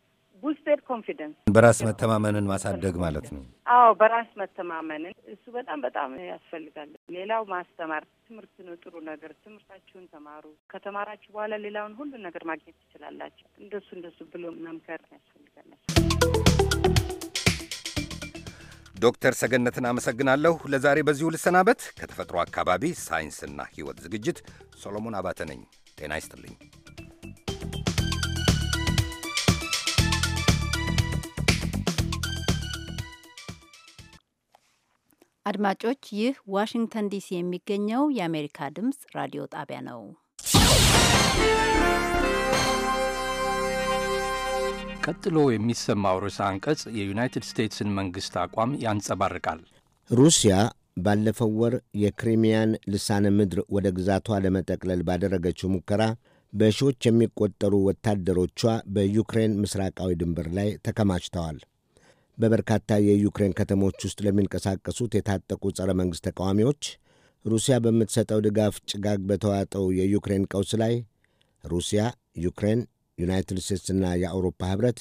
ቡስተር ኮንፊደንስ በራስ መተማመንን ማሳደግ ማለት ነው። አዎ በራስ መተማመንን እሱ በጣም በጣም ያስፈልጋል። ሌላው ማስተማር ትምህርት ነው ጥሩ ነገር። ትምህርታችሁን ተማሩ። ከተማራችሁ በኋላ ሌላውን ሁሉን ነገር ማግኘት ትችላላችሁ። እንደሱ እንደሱ ብሎ መምከር ያስፈልጋል። ዶክተር ሰገነትን አመሰግናለሁ። ለዛሬ በዚሁ ልሰናበት። ከተፈጥሮ አካባቢ ሳይንስና ሕይወት ዝግጅት ሶሎሞን አባተ ነኝ። ጤና ይስጥልኝ። አድማጮች፣ ይህ ዋሽንግተን ዲሲ የሚገኘው የአሜሪካ ድምፅ ራዲዮ ጣቢያ ነው። ቀጥሎ የሚሰማው ርዕሰ አንቀጽ የዩናይትድ ስቴትስን መንግሥት አቋም ያንጸባርቃል። ሩሲያ ባለፈው ወር የክሪሚያን ልሳነ ምድር ወደ ግዛቷ ለመጠቅለል ባደረገችው ሙከራ በሺዎች የሚቆጠሩ ወታደሮቿ በዩክሬን ምስራቃዊ ድንበር ላይ ተከማችተዋል። በበርካታ የዩክሬን ከተሞች ውስጥ ለሚንቀሳቀሱት የታጠቁ ጸረ መንግሥት ተቃዋሚዎች ሩሲያ በምትሰጠው ድጋፍ ጭጋግ በተዋጠው የዩክሬን ቀውስ ላይ ሩሲያ፣ ዩክሬን፣ ዩናይትድ ስቴትስና የአውሮፓ ኅብረት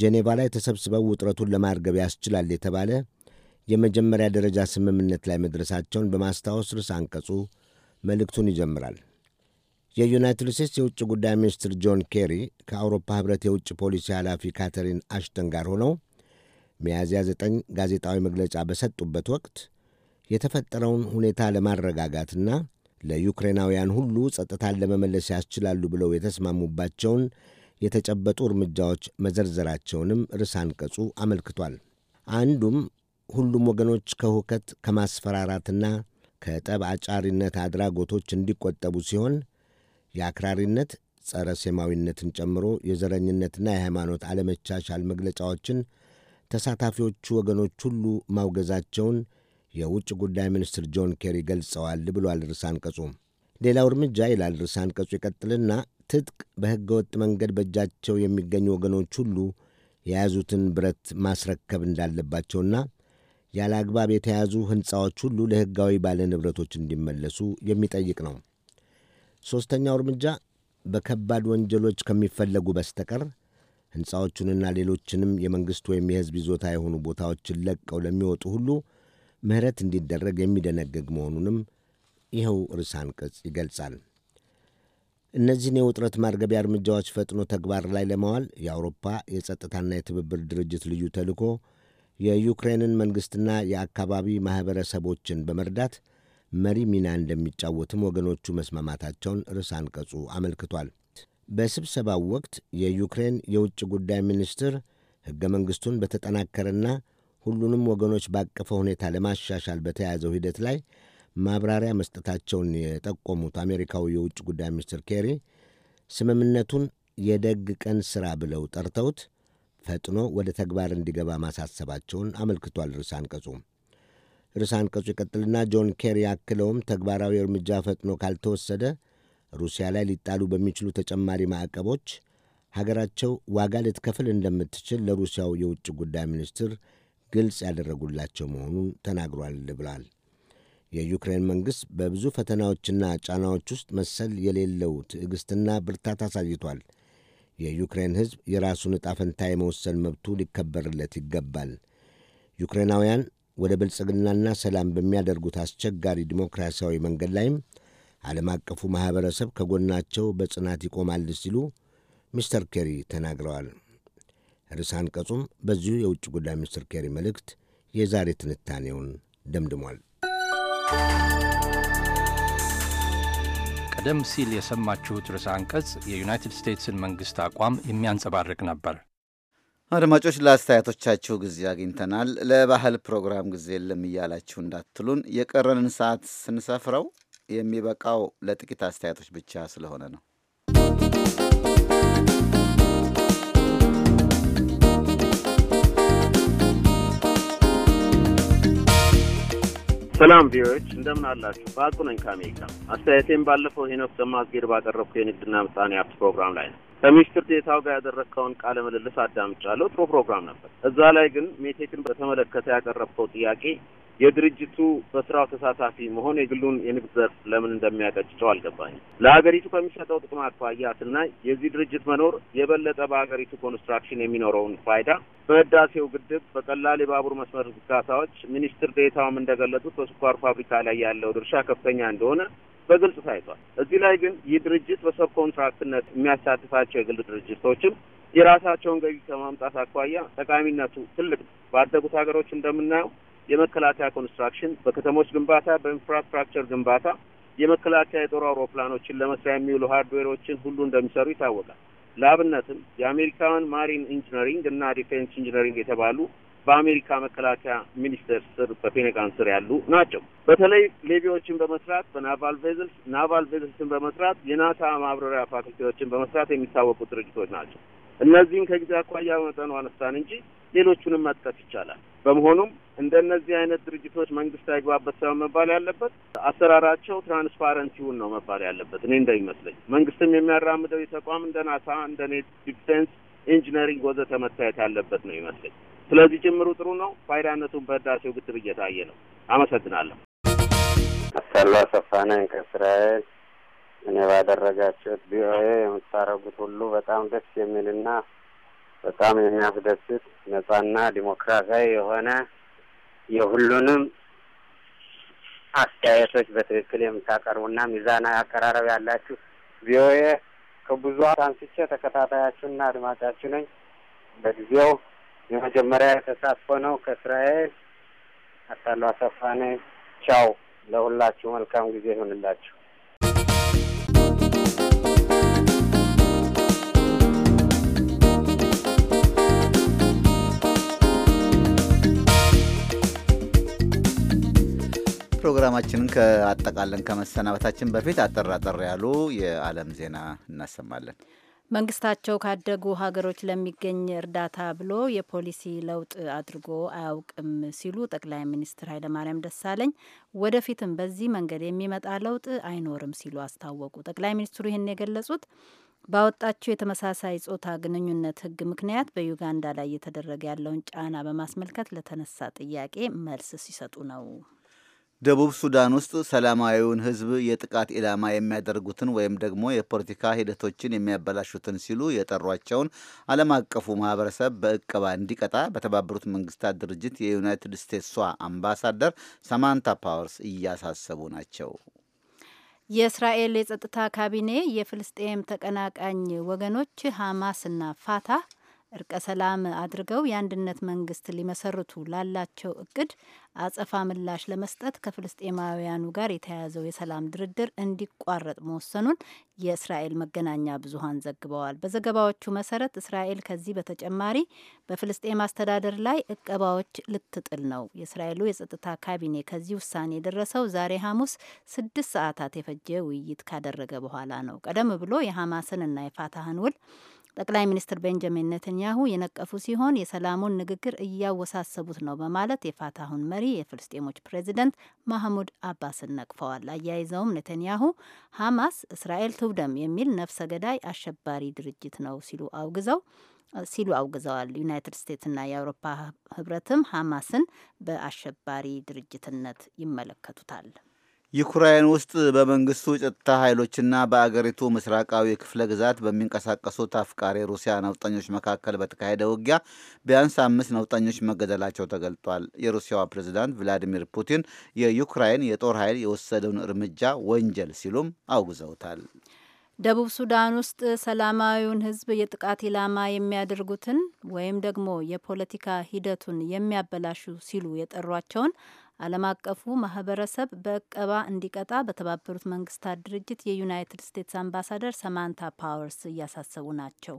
ጄኔቫ ላይ ተሰብስበው ውጥረቱን ለማርገብ ያስችላል የተባለ የመጀመሪያ ደረጃ ስምምነት ላይ መድረሳቸውን በማስታወስ ርዕሰ አንቀጹ መልእክቱን ይጀምራል። የዩናይትድ ስቴትስ የውጭ ጉዳይ ሚኒስትር ጆን ኬሪ ከአውሮፓ ኅብረት የውጭ ፖሊሲ ኃላፊ ካተሪን አሽተን ጋር ሆነው ሚያዝያ 9 ጋዜጣዊ መግለጫ በሰጡበት ወቅት የተፈጠረውን ሁኔታ ለማረጋጋትና ለዩክሬናውያን ሁሉ ጸጥታን ለመመለስ ያስችላሉ ብለው የተስማሙባቸውን የተጨበጡ እርምጃዎች መዘርዘራቸውንም ርዕሰ አንቀጹ አመልክቷል። አንዱም ሁሉም ወገኖች ከሁከት ከማስፈራራትና ከጠብ አጫሪነት አድራጎቶች እንዲቆጠቡ ሲሆን የአክራሪነት ጸረ ሴማዊነትን ጨምሮ የዘረኝነትና የሃይማኖት አለመቻቻል መግለጫዎችን ተሳታፊዎቹ ወገኖች ሁሉ ማውገዛቸውን የውጭ ጉዳይ ሚኒስትር ጆን ኬሪ ገልጸዋል ብሏል ርዕሰ አንቀጹ። ሌላው እርምጃ ይላል ርዕሰ አንቀጹ ይቀጥልና ትጥቅ በሕገ ወጥ መንገድ በእጃቸው የሚገኙ ወገኖች ሁሉ የያዙትን ብረት ማስረከብ እንዳለባቸውና ያለ አግባብ የተያዙ ሕንፃዎች ሁሉ ለሕጋዊ ባለ ንብረቶች እንዲመለሱ የሚጠይቅ ነው። ሦስተኛው እርምጃ በከባድ ወንጀሎች ከሚፈለጉ በስተቀር ሕንፃዎቹንና ሌሎችንም የመንግሥት ወይም የሕዝብ ይዞታ የሆኑ ቦታዎችን ለቀው ለሚወጡ ሁሉ ምሕረት እንዲደረግ የሚደነግግ መሆኑንም ይኸው ርዕሰ አንቀጽ ይገልጻል። እነዚህን የውጥረት ማርገቢያ እርምጃዎች ፈጥኖ ተግባር ላይ ለማዋል የአውሮፓ የጸጥታና የትብብር ድርጅት ልዩ ተልዕኮ የዩክሬንን መንግሥትና የአካባቢ ማኅበረሰቦችን በመርዳት መሪ ሚና እንደሚጫወትም ወገኖቹ መስማማታቸውን ርዕሰ አንቀጹ አመልክቷል። በስብሰባው ወቅት የዩክሬን የውጭ ጉዳይ ሚኒስትር ሕገ መንግሥቱን በተጠናከረና ሁሉንም ወገኖች ባቀፈ ሁኔታ ለማሻሻል በተያያዘው ሂደት ላይ ማብራሪያ መስጠታቸውን የጠቆሙት አሜሪካው የውጭ ጉዳይ ሚኒስትር ኬሪ ስምምነቱን የደግ ቀን ሥራ ብለው ጠርተውት ፈጥኖ ወደ ተግባር እንዲገባ ማሳሰባቸውን አመልክቷል። ርዕሰ አንቀጹ ርዕሰ አንቀጹ ይቀጥልና ጆን ኬሪ አክለውም ተግባራዊ እርምጃ ፈጥኖ ካልተወሰደ ሩሲያ ላይ ሊጣሉ በሚችሉ ተጨማሪ ማዕቀቦች ሀገራቸው ዋጋ ልትከፍል እንደምትችል ለሩሲያው የውጭ ጉዳይ ሚኒስትር ግልጽ ያደረጉላቸው መሆኑን ተናግሯል ብሏል። የዩክሬን መንግሥት በብዙ ፈተናዎችና ጫናዎች ውስጥ መሰል የሌለው ትዕግሥትና ብርታት አሳይቷል። የዩክሬን ሕዝብ የራሱን ዕጣ ፈንታ የመወሰን መብቱ ሊከበርለት ይገባል። ዩክሬናውያን ወደ ብልጽግናና ሰላም በሚያደርጉት አስቸጋሪ ዲሞክራሲያዊ መንገድ ላይም ዓለም አቀፉ ማኅበረሰብ ከጎናቸው በጽናት ይቆማል ሲሉ ሚስተር ኬሪ ተናግረዋል። ርዕሰ አንቀጹም በዚሁ የውጭ ጉዳይ ሚኒስትር ኬሪ መልእክት የዛሬ ትንታኔውን ደምድሟል። ቀደም ሲል የሰማችሁት ርዕሰ አንቀጽ የዩናይትድ ስቴትስን መንግሥት አቋም የሚያንጸባርቅ ነበር። አድማጮች ለአስተያየቶቻችሁ ጊዜ አግኝተናል። ለባህል ፕሮግራም ጊዜ የለም እያላችሁ እንዳትሉን የቀረንን ሰዓት ስንሰፍረው የሚበቃው ለጥቂት አስተያየቶች ብቻ ስለሆነ ነው። ሰላም ቪዎች እንደምን አላችሁ? በአቁ ነኝ ከአሜሪካ። አስተያየቴም ባለፈው ሄኖክ ሰማእግዜር ባቀረብኩ የንግድና ምጣኔ ሀብት ፕሮግራም ላይ ነው። ከሚኒስትር ዴታው ጋር ያደረግከውን ቃለ ምልልስ አዳምጫለሁ። ጥሩ ፕሮግራም ነበር። እዛ ላይ ግን ሜቴክን በተመለከተ ያቀረብከው ጥያቄ የድርጅቱ በስራው ተሳታፊ መሆን የግሉን የንግድ ዘርፍ ለምን እንደሚያቀጭጨው አልገባኝም። ለሀገሪቱ ከሚሰጠው ጥቅም አኳያ ስናይ የዚህ ድርጅት መኖር የበለጠ በሀገሪቱ ኮንስትራክሽን የሚኖረውን ፋይዳ በህዳሴው ግድብ በቀላል የባቡር መስመር ዝርጋታዎች፣ ሚኒስትር ዴታውም እንደገለጡት በስኳር ፋብሪካ ላይ ያለው ድርሻ ከፍተኛ እንደሆነ በግልጽ ታይቷል። እዚህ ላይ ግን ይህ ድርጅት በሰብ ኮንትራክትነት የሚያሳትፋቸው የግል ድርጅቶችም የራሳቸውን ገቢ ከማምጣት አኳያ ጠቃሚነቱ ትልቅ ነው። ባደጉት ሀገሮች እንደምናየው የመከላከያ ኮንስትራክሽን፣ በከተሞች ግንባታ፣ በኢንፍራስትራክቸር ግንባታ የመከላከያ የጦር አውሮፕላኖችን ለመስሪያ የሚውሉ ሀርድዌሮችን ሁሉ እንደሚሰሩ ይታወቃል። ለአብነትም የአሜሪካውያን ማሪን ኢንጂነሪንግ እና ዲፌንስ ኢንጂነሪንግ የተባሉ በአሜሪካ መከላከያ ሚኒስቴር ስር በፔንታጎን ስር ያሉ ናቸው። በተለይ ሌቪዎችን በመስራት በናቫል ቬዝልስ ናቫል ቬዝልስን በመስራት የናሳ ማብረሪያ ፋክልቲዎችን በመስራት የሚታወቁ ድርጅቶች ናቸው። እነዚህም ከጊዜ አኳያ በመጠኑ አነሳን እንጂ ሌሎቹንም መጥቀስ ይቻላል። በመሆኑም እንደነዚህ አይነት ድርጅቶች መንግስት አይግባበት ሳይሆን መባል ያለበት አሰራራቸው ትራንስፓረንሲውን ነው መባል ያለበት። እኔ እንደሚመስለኝ መንግስትም የሚያራምደው የተቋም እንደ ናሳ እንደ ኔት ዲፌንስ ኢንጂነሪንግ ወዘተ መታየት ያለበት ነው ይመስለኝ። ስለዚህ ጅምሩ ጥሩ ነው። ፋይዳነቱን በህዳሴው ግድብ እየታየ ነው። አመሰግናለሁ። አሰላ ሰፋነ ከእስራኤል። እኔ ባደረጋችሁት ቪኦኤ የምታደርጉት ሁሉ በጣም ደስ የሚልና በጣም የሚያስደስት ነጻና ዲሞክራሲያዊ የሆነ የሁሉንም አስተያየቶች በትክክል የምታቀርቡና ሚዛናዊ አቀራረብ ያላችሁ ቪኦኤ ከብዙ አንስቼ ተከታታያችሁና አድማጫችሁ ነኝ። በጊዜው የመጀመሪያ የተሳትፎ ነው። ከእስራኤል አታሉ አሰፋ ነኝ። ቻው። ለሁላችሁ መልካም ጊዜ ይሆንላችሁ። ፕሮግራማችንን ከአጠቃለን ከመሰናበታችን በፊት አጠር አጠር ያሉ የዓለም ዜና እናሰማለን። መንግስታቸው ካደጉ ሀገሮች ለሚገኝ እርዳታ ብሎ የፖሊሲ ለውጥ አድርጎ አያውቅም ሲሉ ጠቅላይ ሚኒስትር ኃይለማርያም ደሳለኝ ወደፊትም በዚህ መንገድ የሚመጣ ለውጥ አይኖርም ሲሉ አስታወቁ። ጠቅላይ ሚኒስትሩ ይህን የገለጹት ባወጣቸው የተመሳሳይ ጾታ ግንኙነት ህግ ምክንያት በዩጋንዳ ላይ እየተደረገ ያለውን ጫና በማስመልከት ለተነሳ ጥያቄ መልስ ሲሰጡ ነው። ደቡብ ሱዳን ውስጥ ሰላማዊውን ሕዝብ የጥቃት ኢላማ የሚያደርጉትን ወይም ደግሞ የፖለቲካ ሂደቶችን የሚያበላሹትን ሲሉ የጠሯቸውን ዓለም አቀፉ ማህበረሰብ በእቀባ እንዲቀጣ በተባበሩት መንግስታት ድርጅት የዩናይትድ ስቴትሷ አምባሳደር ሳማንታ ፓወርስ እያሳሰቡ ናቸው። የእስራኤል የጸጥታ ካቢኔ የፍልስጤም ተቀናቃኝ ወገኖች ሐማስና ፋታ እርቀ ሰላም አድርገው የአንድነት መንግስት ሊመሰርቱ ላላቸው እቅድ አጸፋ ምላሽ ለመስጠት ከፍልስጤማውያኑ ጋር የተያያዘው የሰላም ድርድር እንዲቋረጥ መወሰኑን የእስራኤል መገናኛ ብዙሀን ዘግበዋል። በዘገባዎቹ መሰረት እስራኤል ከዚህ በተጨማሪ በፍልስጤም አስተዳደር ላይ እቀባዎች ልትጥል ነው። የእስራኤሉ የጸጥታ ካቢኔ ከዚህ ውሳኔ የደረሰው ዛሬ ሐሙስ ስድስት ሰዓታት የፈጀ ውይይት ካደረገ በኋላ ነው። ቀደም ብሎ የሐማስንና የፋታህን ውል ጠቅላይ ሚኒስትር ቤንጃሚን ኔተንያሁ የነቀፉ ሲሆን የሰላሙን ንግግር እያወሳሰቡት ነው በማለት የፋታሁን መሪ የፍልስጤሞች ፕሬዚደንት ማህሙድ አባስን ነቅፈዋል። አያይዘውም ኔተንያሁ ሀማስ እስራኤል ትውደም የሚል ነፍሰ ገዳይ አሸባሪ ድርጅት ነው ሲሉ አውግዘው ሲሉ አውግዘዋል። ዩናይትድ ስቴትስና የአውሮፓ ህብረትም ሀማስን በአሸባሪ ድርጅትነት ይመለከቱታል። ዩክራይን ውስጥ በመንግስቱ ጸጥታ ኃይሎችና በአገሪቱ ምስራቃዊ ክፍለ ግዛት በሚንቀሳቀሱት አፍቃሪ ሩሲያ ነውጠኞች መካከል በተካሄደ ውጊያ ቢያንስ አምስት ነውጠኞች መገደላቸው ተገልጧል። የሩሲያዋ ፕሬዚዳንት ቭላዲሚር ፑቲን የዩክራይን የጦር ኃይል የወሰደውን እርምጃ ወንጀል ሲሉም አውግዘውታል። ደቡብ ሱዳን ውስጥ ሰላማዊውን ህዝብ የጥቃት ኢላማ የሚያደርጉትን ወይም ደግሞ የፖለቲካ ሂደቱን የሚያበላሹ ሲሉ የጠሯቸውን ዓለም አቀፉ ማህበረሰብ በእቀባ እንዲቀጣ በተባበሩት መንግስታት ድርጅት የዩናይትድ ስቴትስ አምባሳደር ሰማንታ ፓወርስ እያሳሰቡ ናቸው።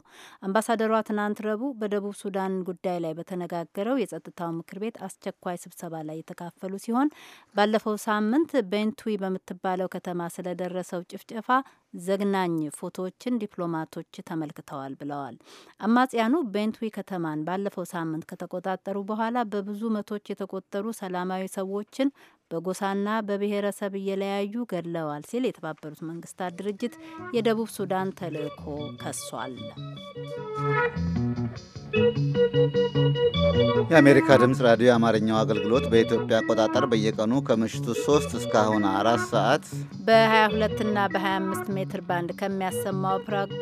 አምባሳደሯ ትናንት ረቡዕ በደቡብ ሱዳን ጉዳይ ላይ በተነጋገረው የጸጥታው ምክር ቤት አስቸኳይ ስብሰባ ላይ የተካፈሉ ሲሆን ባለፈው ሳምንት ቤንቱዊ በምትባለው ከተማ ስለደረሰው ጭፍጨፋ ዘግናኝ ፎቶዎችን ዲፕሎማቶች ተመልክተዋል ብለዋል። አማጽያኑ ቤንትዊ ከተማን ባለፈው ሳምንት ከተቆጣጠሩ በኋላ በብዙ መቶች የተቆጠሩ ሰላማዊ ሰዎችን በጎሳና በብሔረሰብ እየለያዩ ገድለዋል ሲል የተባበሩት መንግስታት ድርጅት የደቡብ ሱዳን ተልእኮ ከሷል። የአሜሪካ ድምፅ ራዲዮ የአማርኛው አገልግሎት በኢትዮጵያ አቆጣጠር በየቀኑ ከምሽቱ 3 እስካሁን አራት ሰዓት በ22 እና በ25 ሜትር ባንድ ከሚያሰማው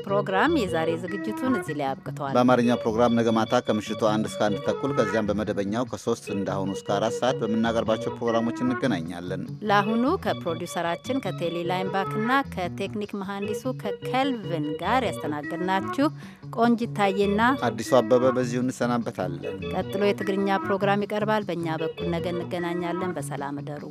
ፕሮግራም የዛሬ ዝግጅቱን እዚህ ላይ አብቅተዋል። በአማርኛው ፕሮግራም ነገ ማታ ከምሽቱ አንድ እስከ አንድ ተኩል ከዚያም በመደበኛው ከ3 እንዳሁኑ እስከ አራት ሰዓት በምናቀርባቸው ፕሮግራሞች እንገናኛለን። ለአሁኑ ከፕሮዲውሰራችን ከቴሌ ላይምባክና ከቴክኒክ መሐንዲሱ ከኬልቪን ጋር ያስተናግድ ናችሁ። ታዬና አዲሱ አበ አበበ በዚሁ እንሰናበታለን። ቀጥሎ የትግርኛ ፕሮግራም ይቀርባል። በእኛ በኩል ነገ እንገናኛለን። በሰላም እደሩ።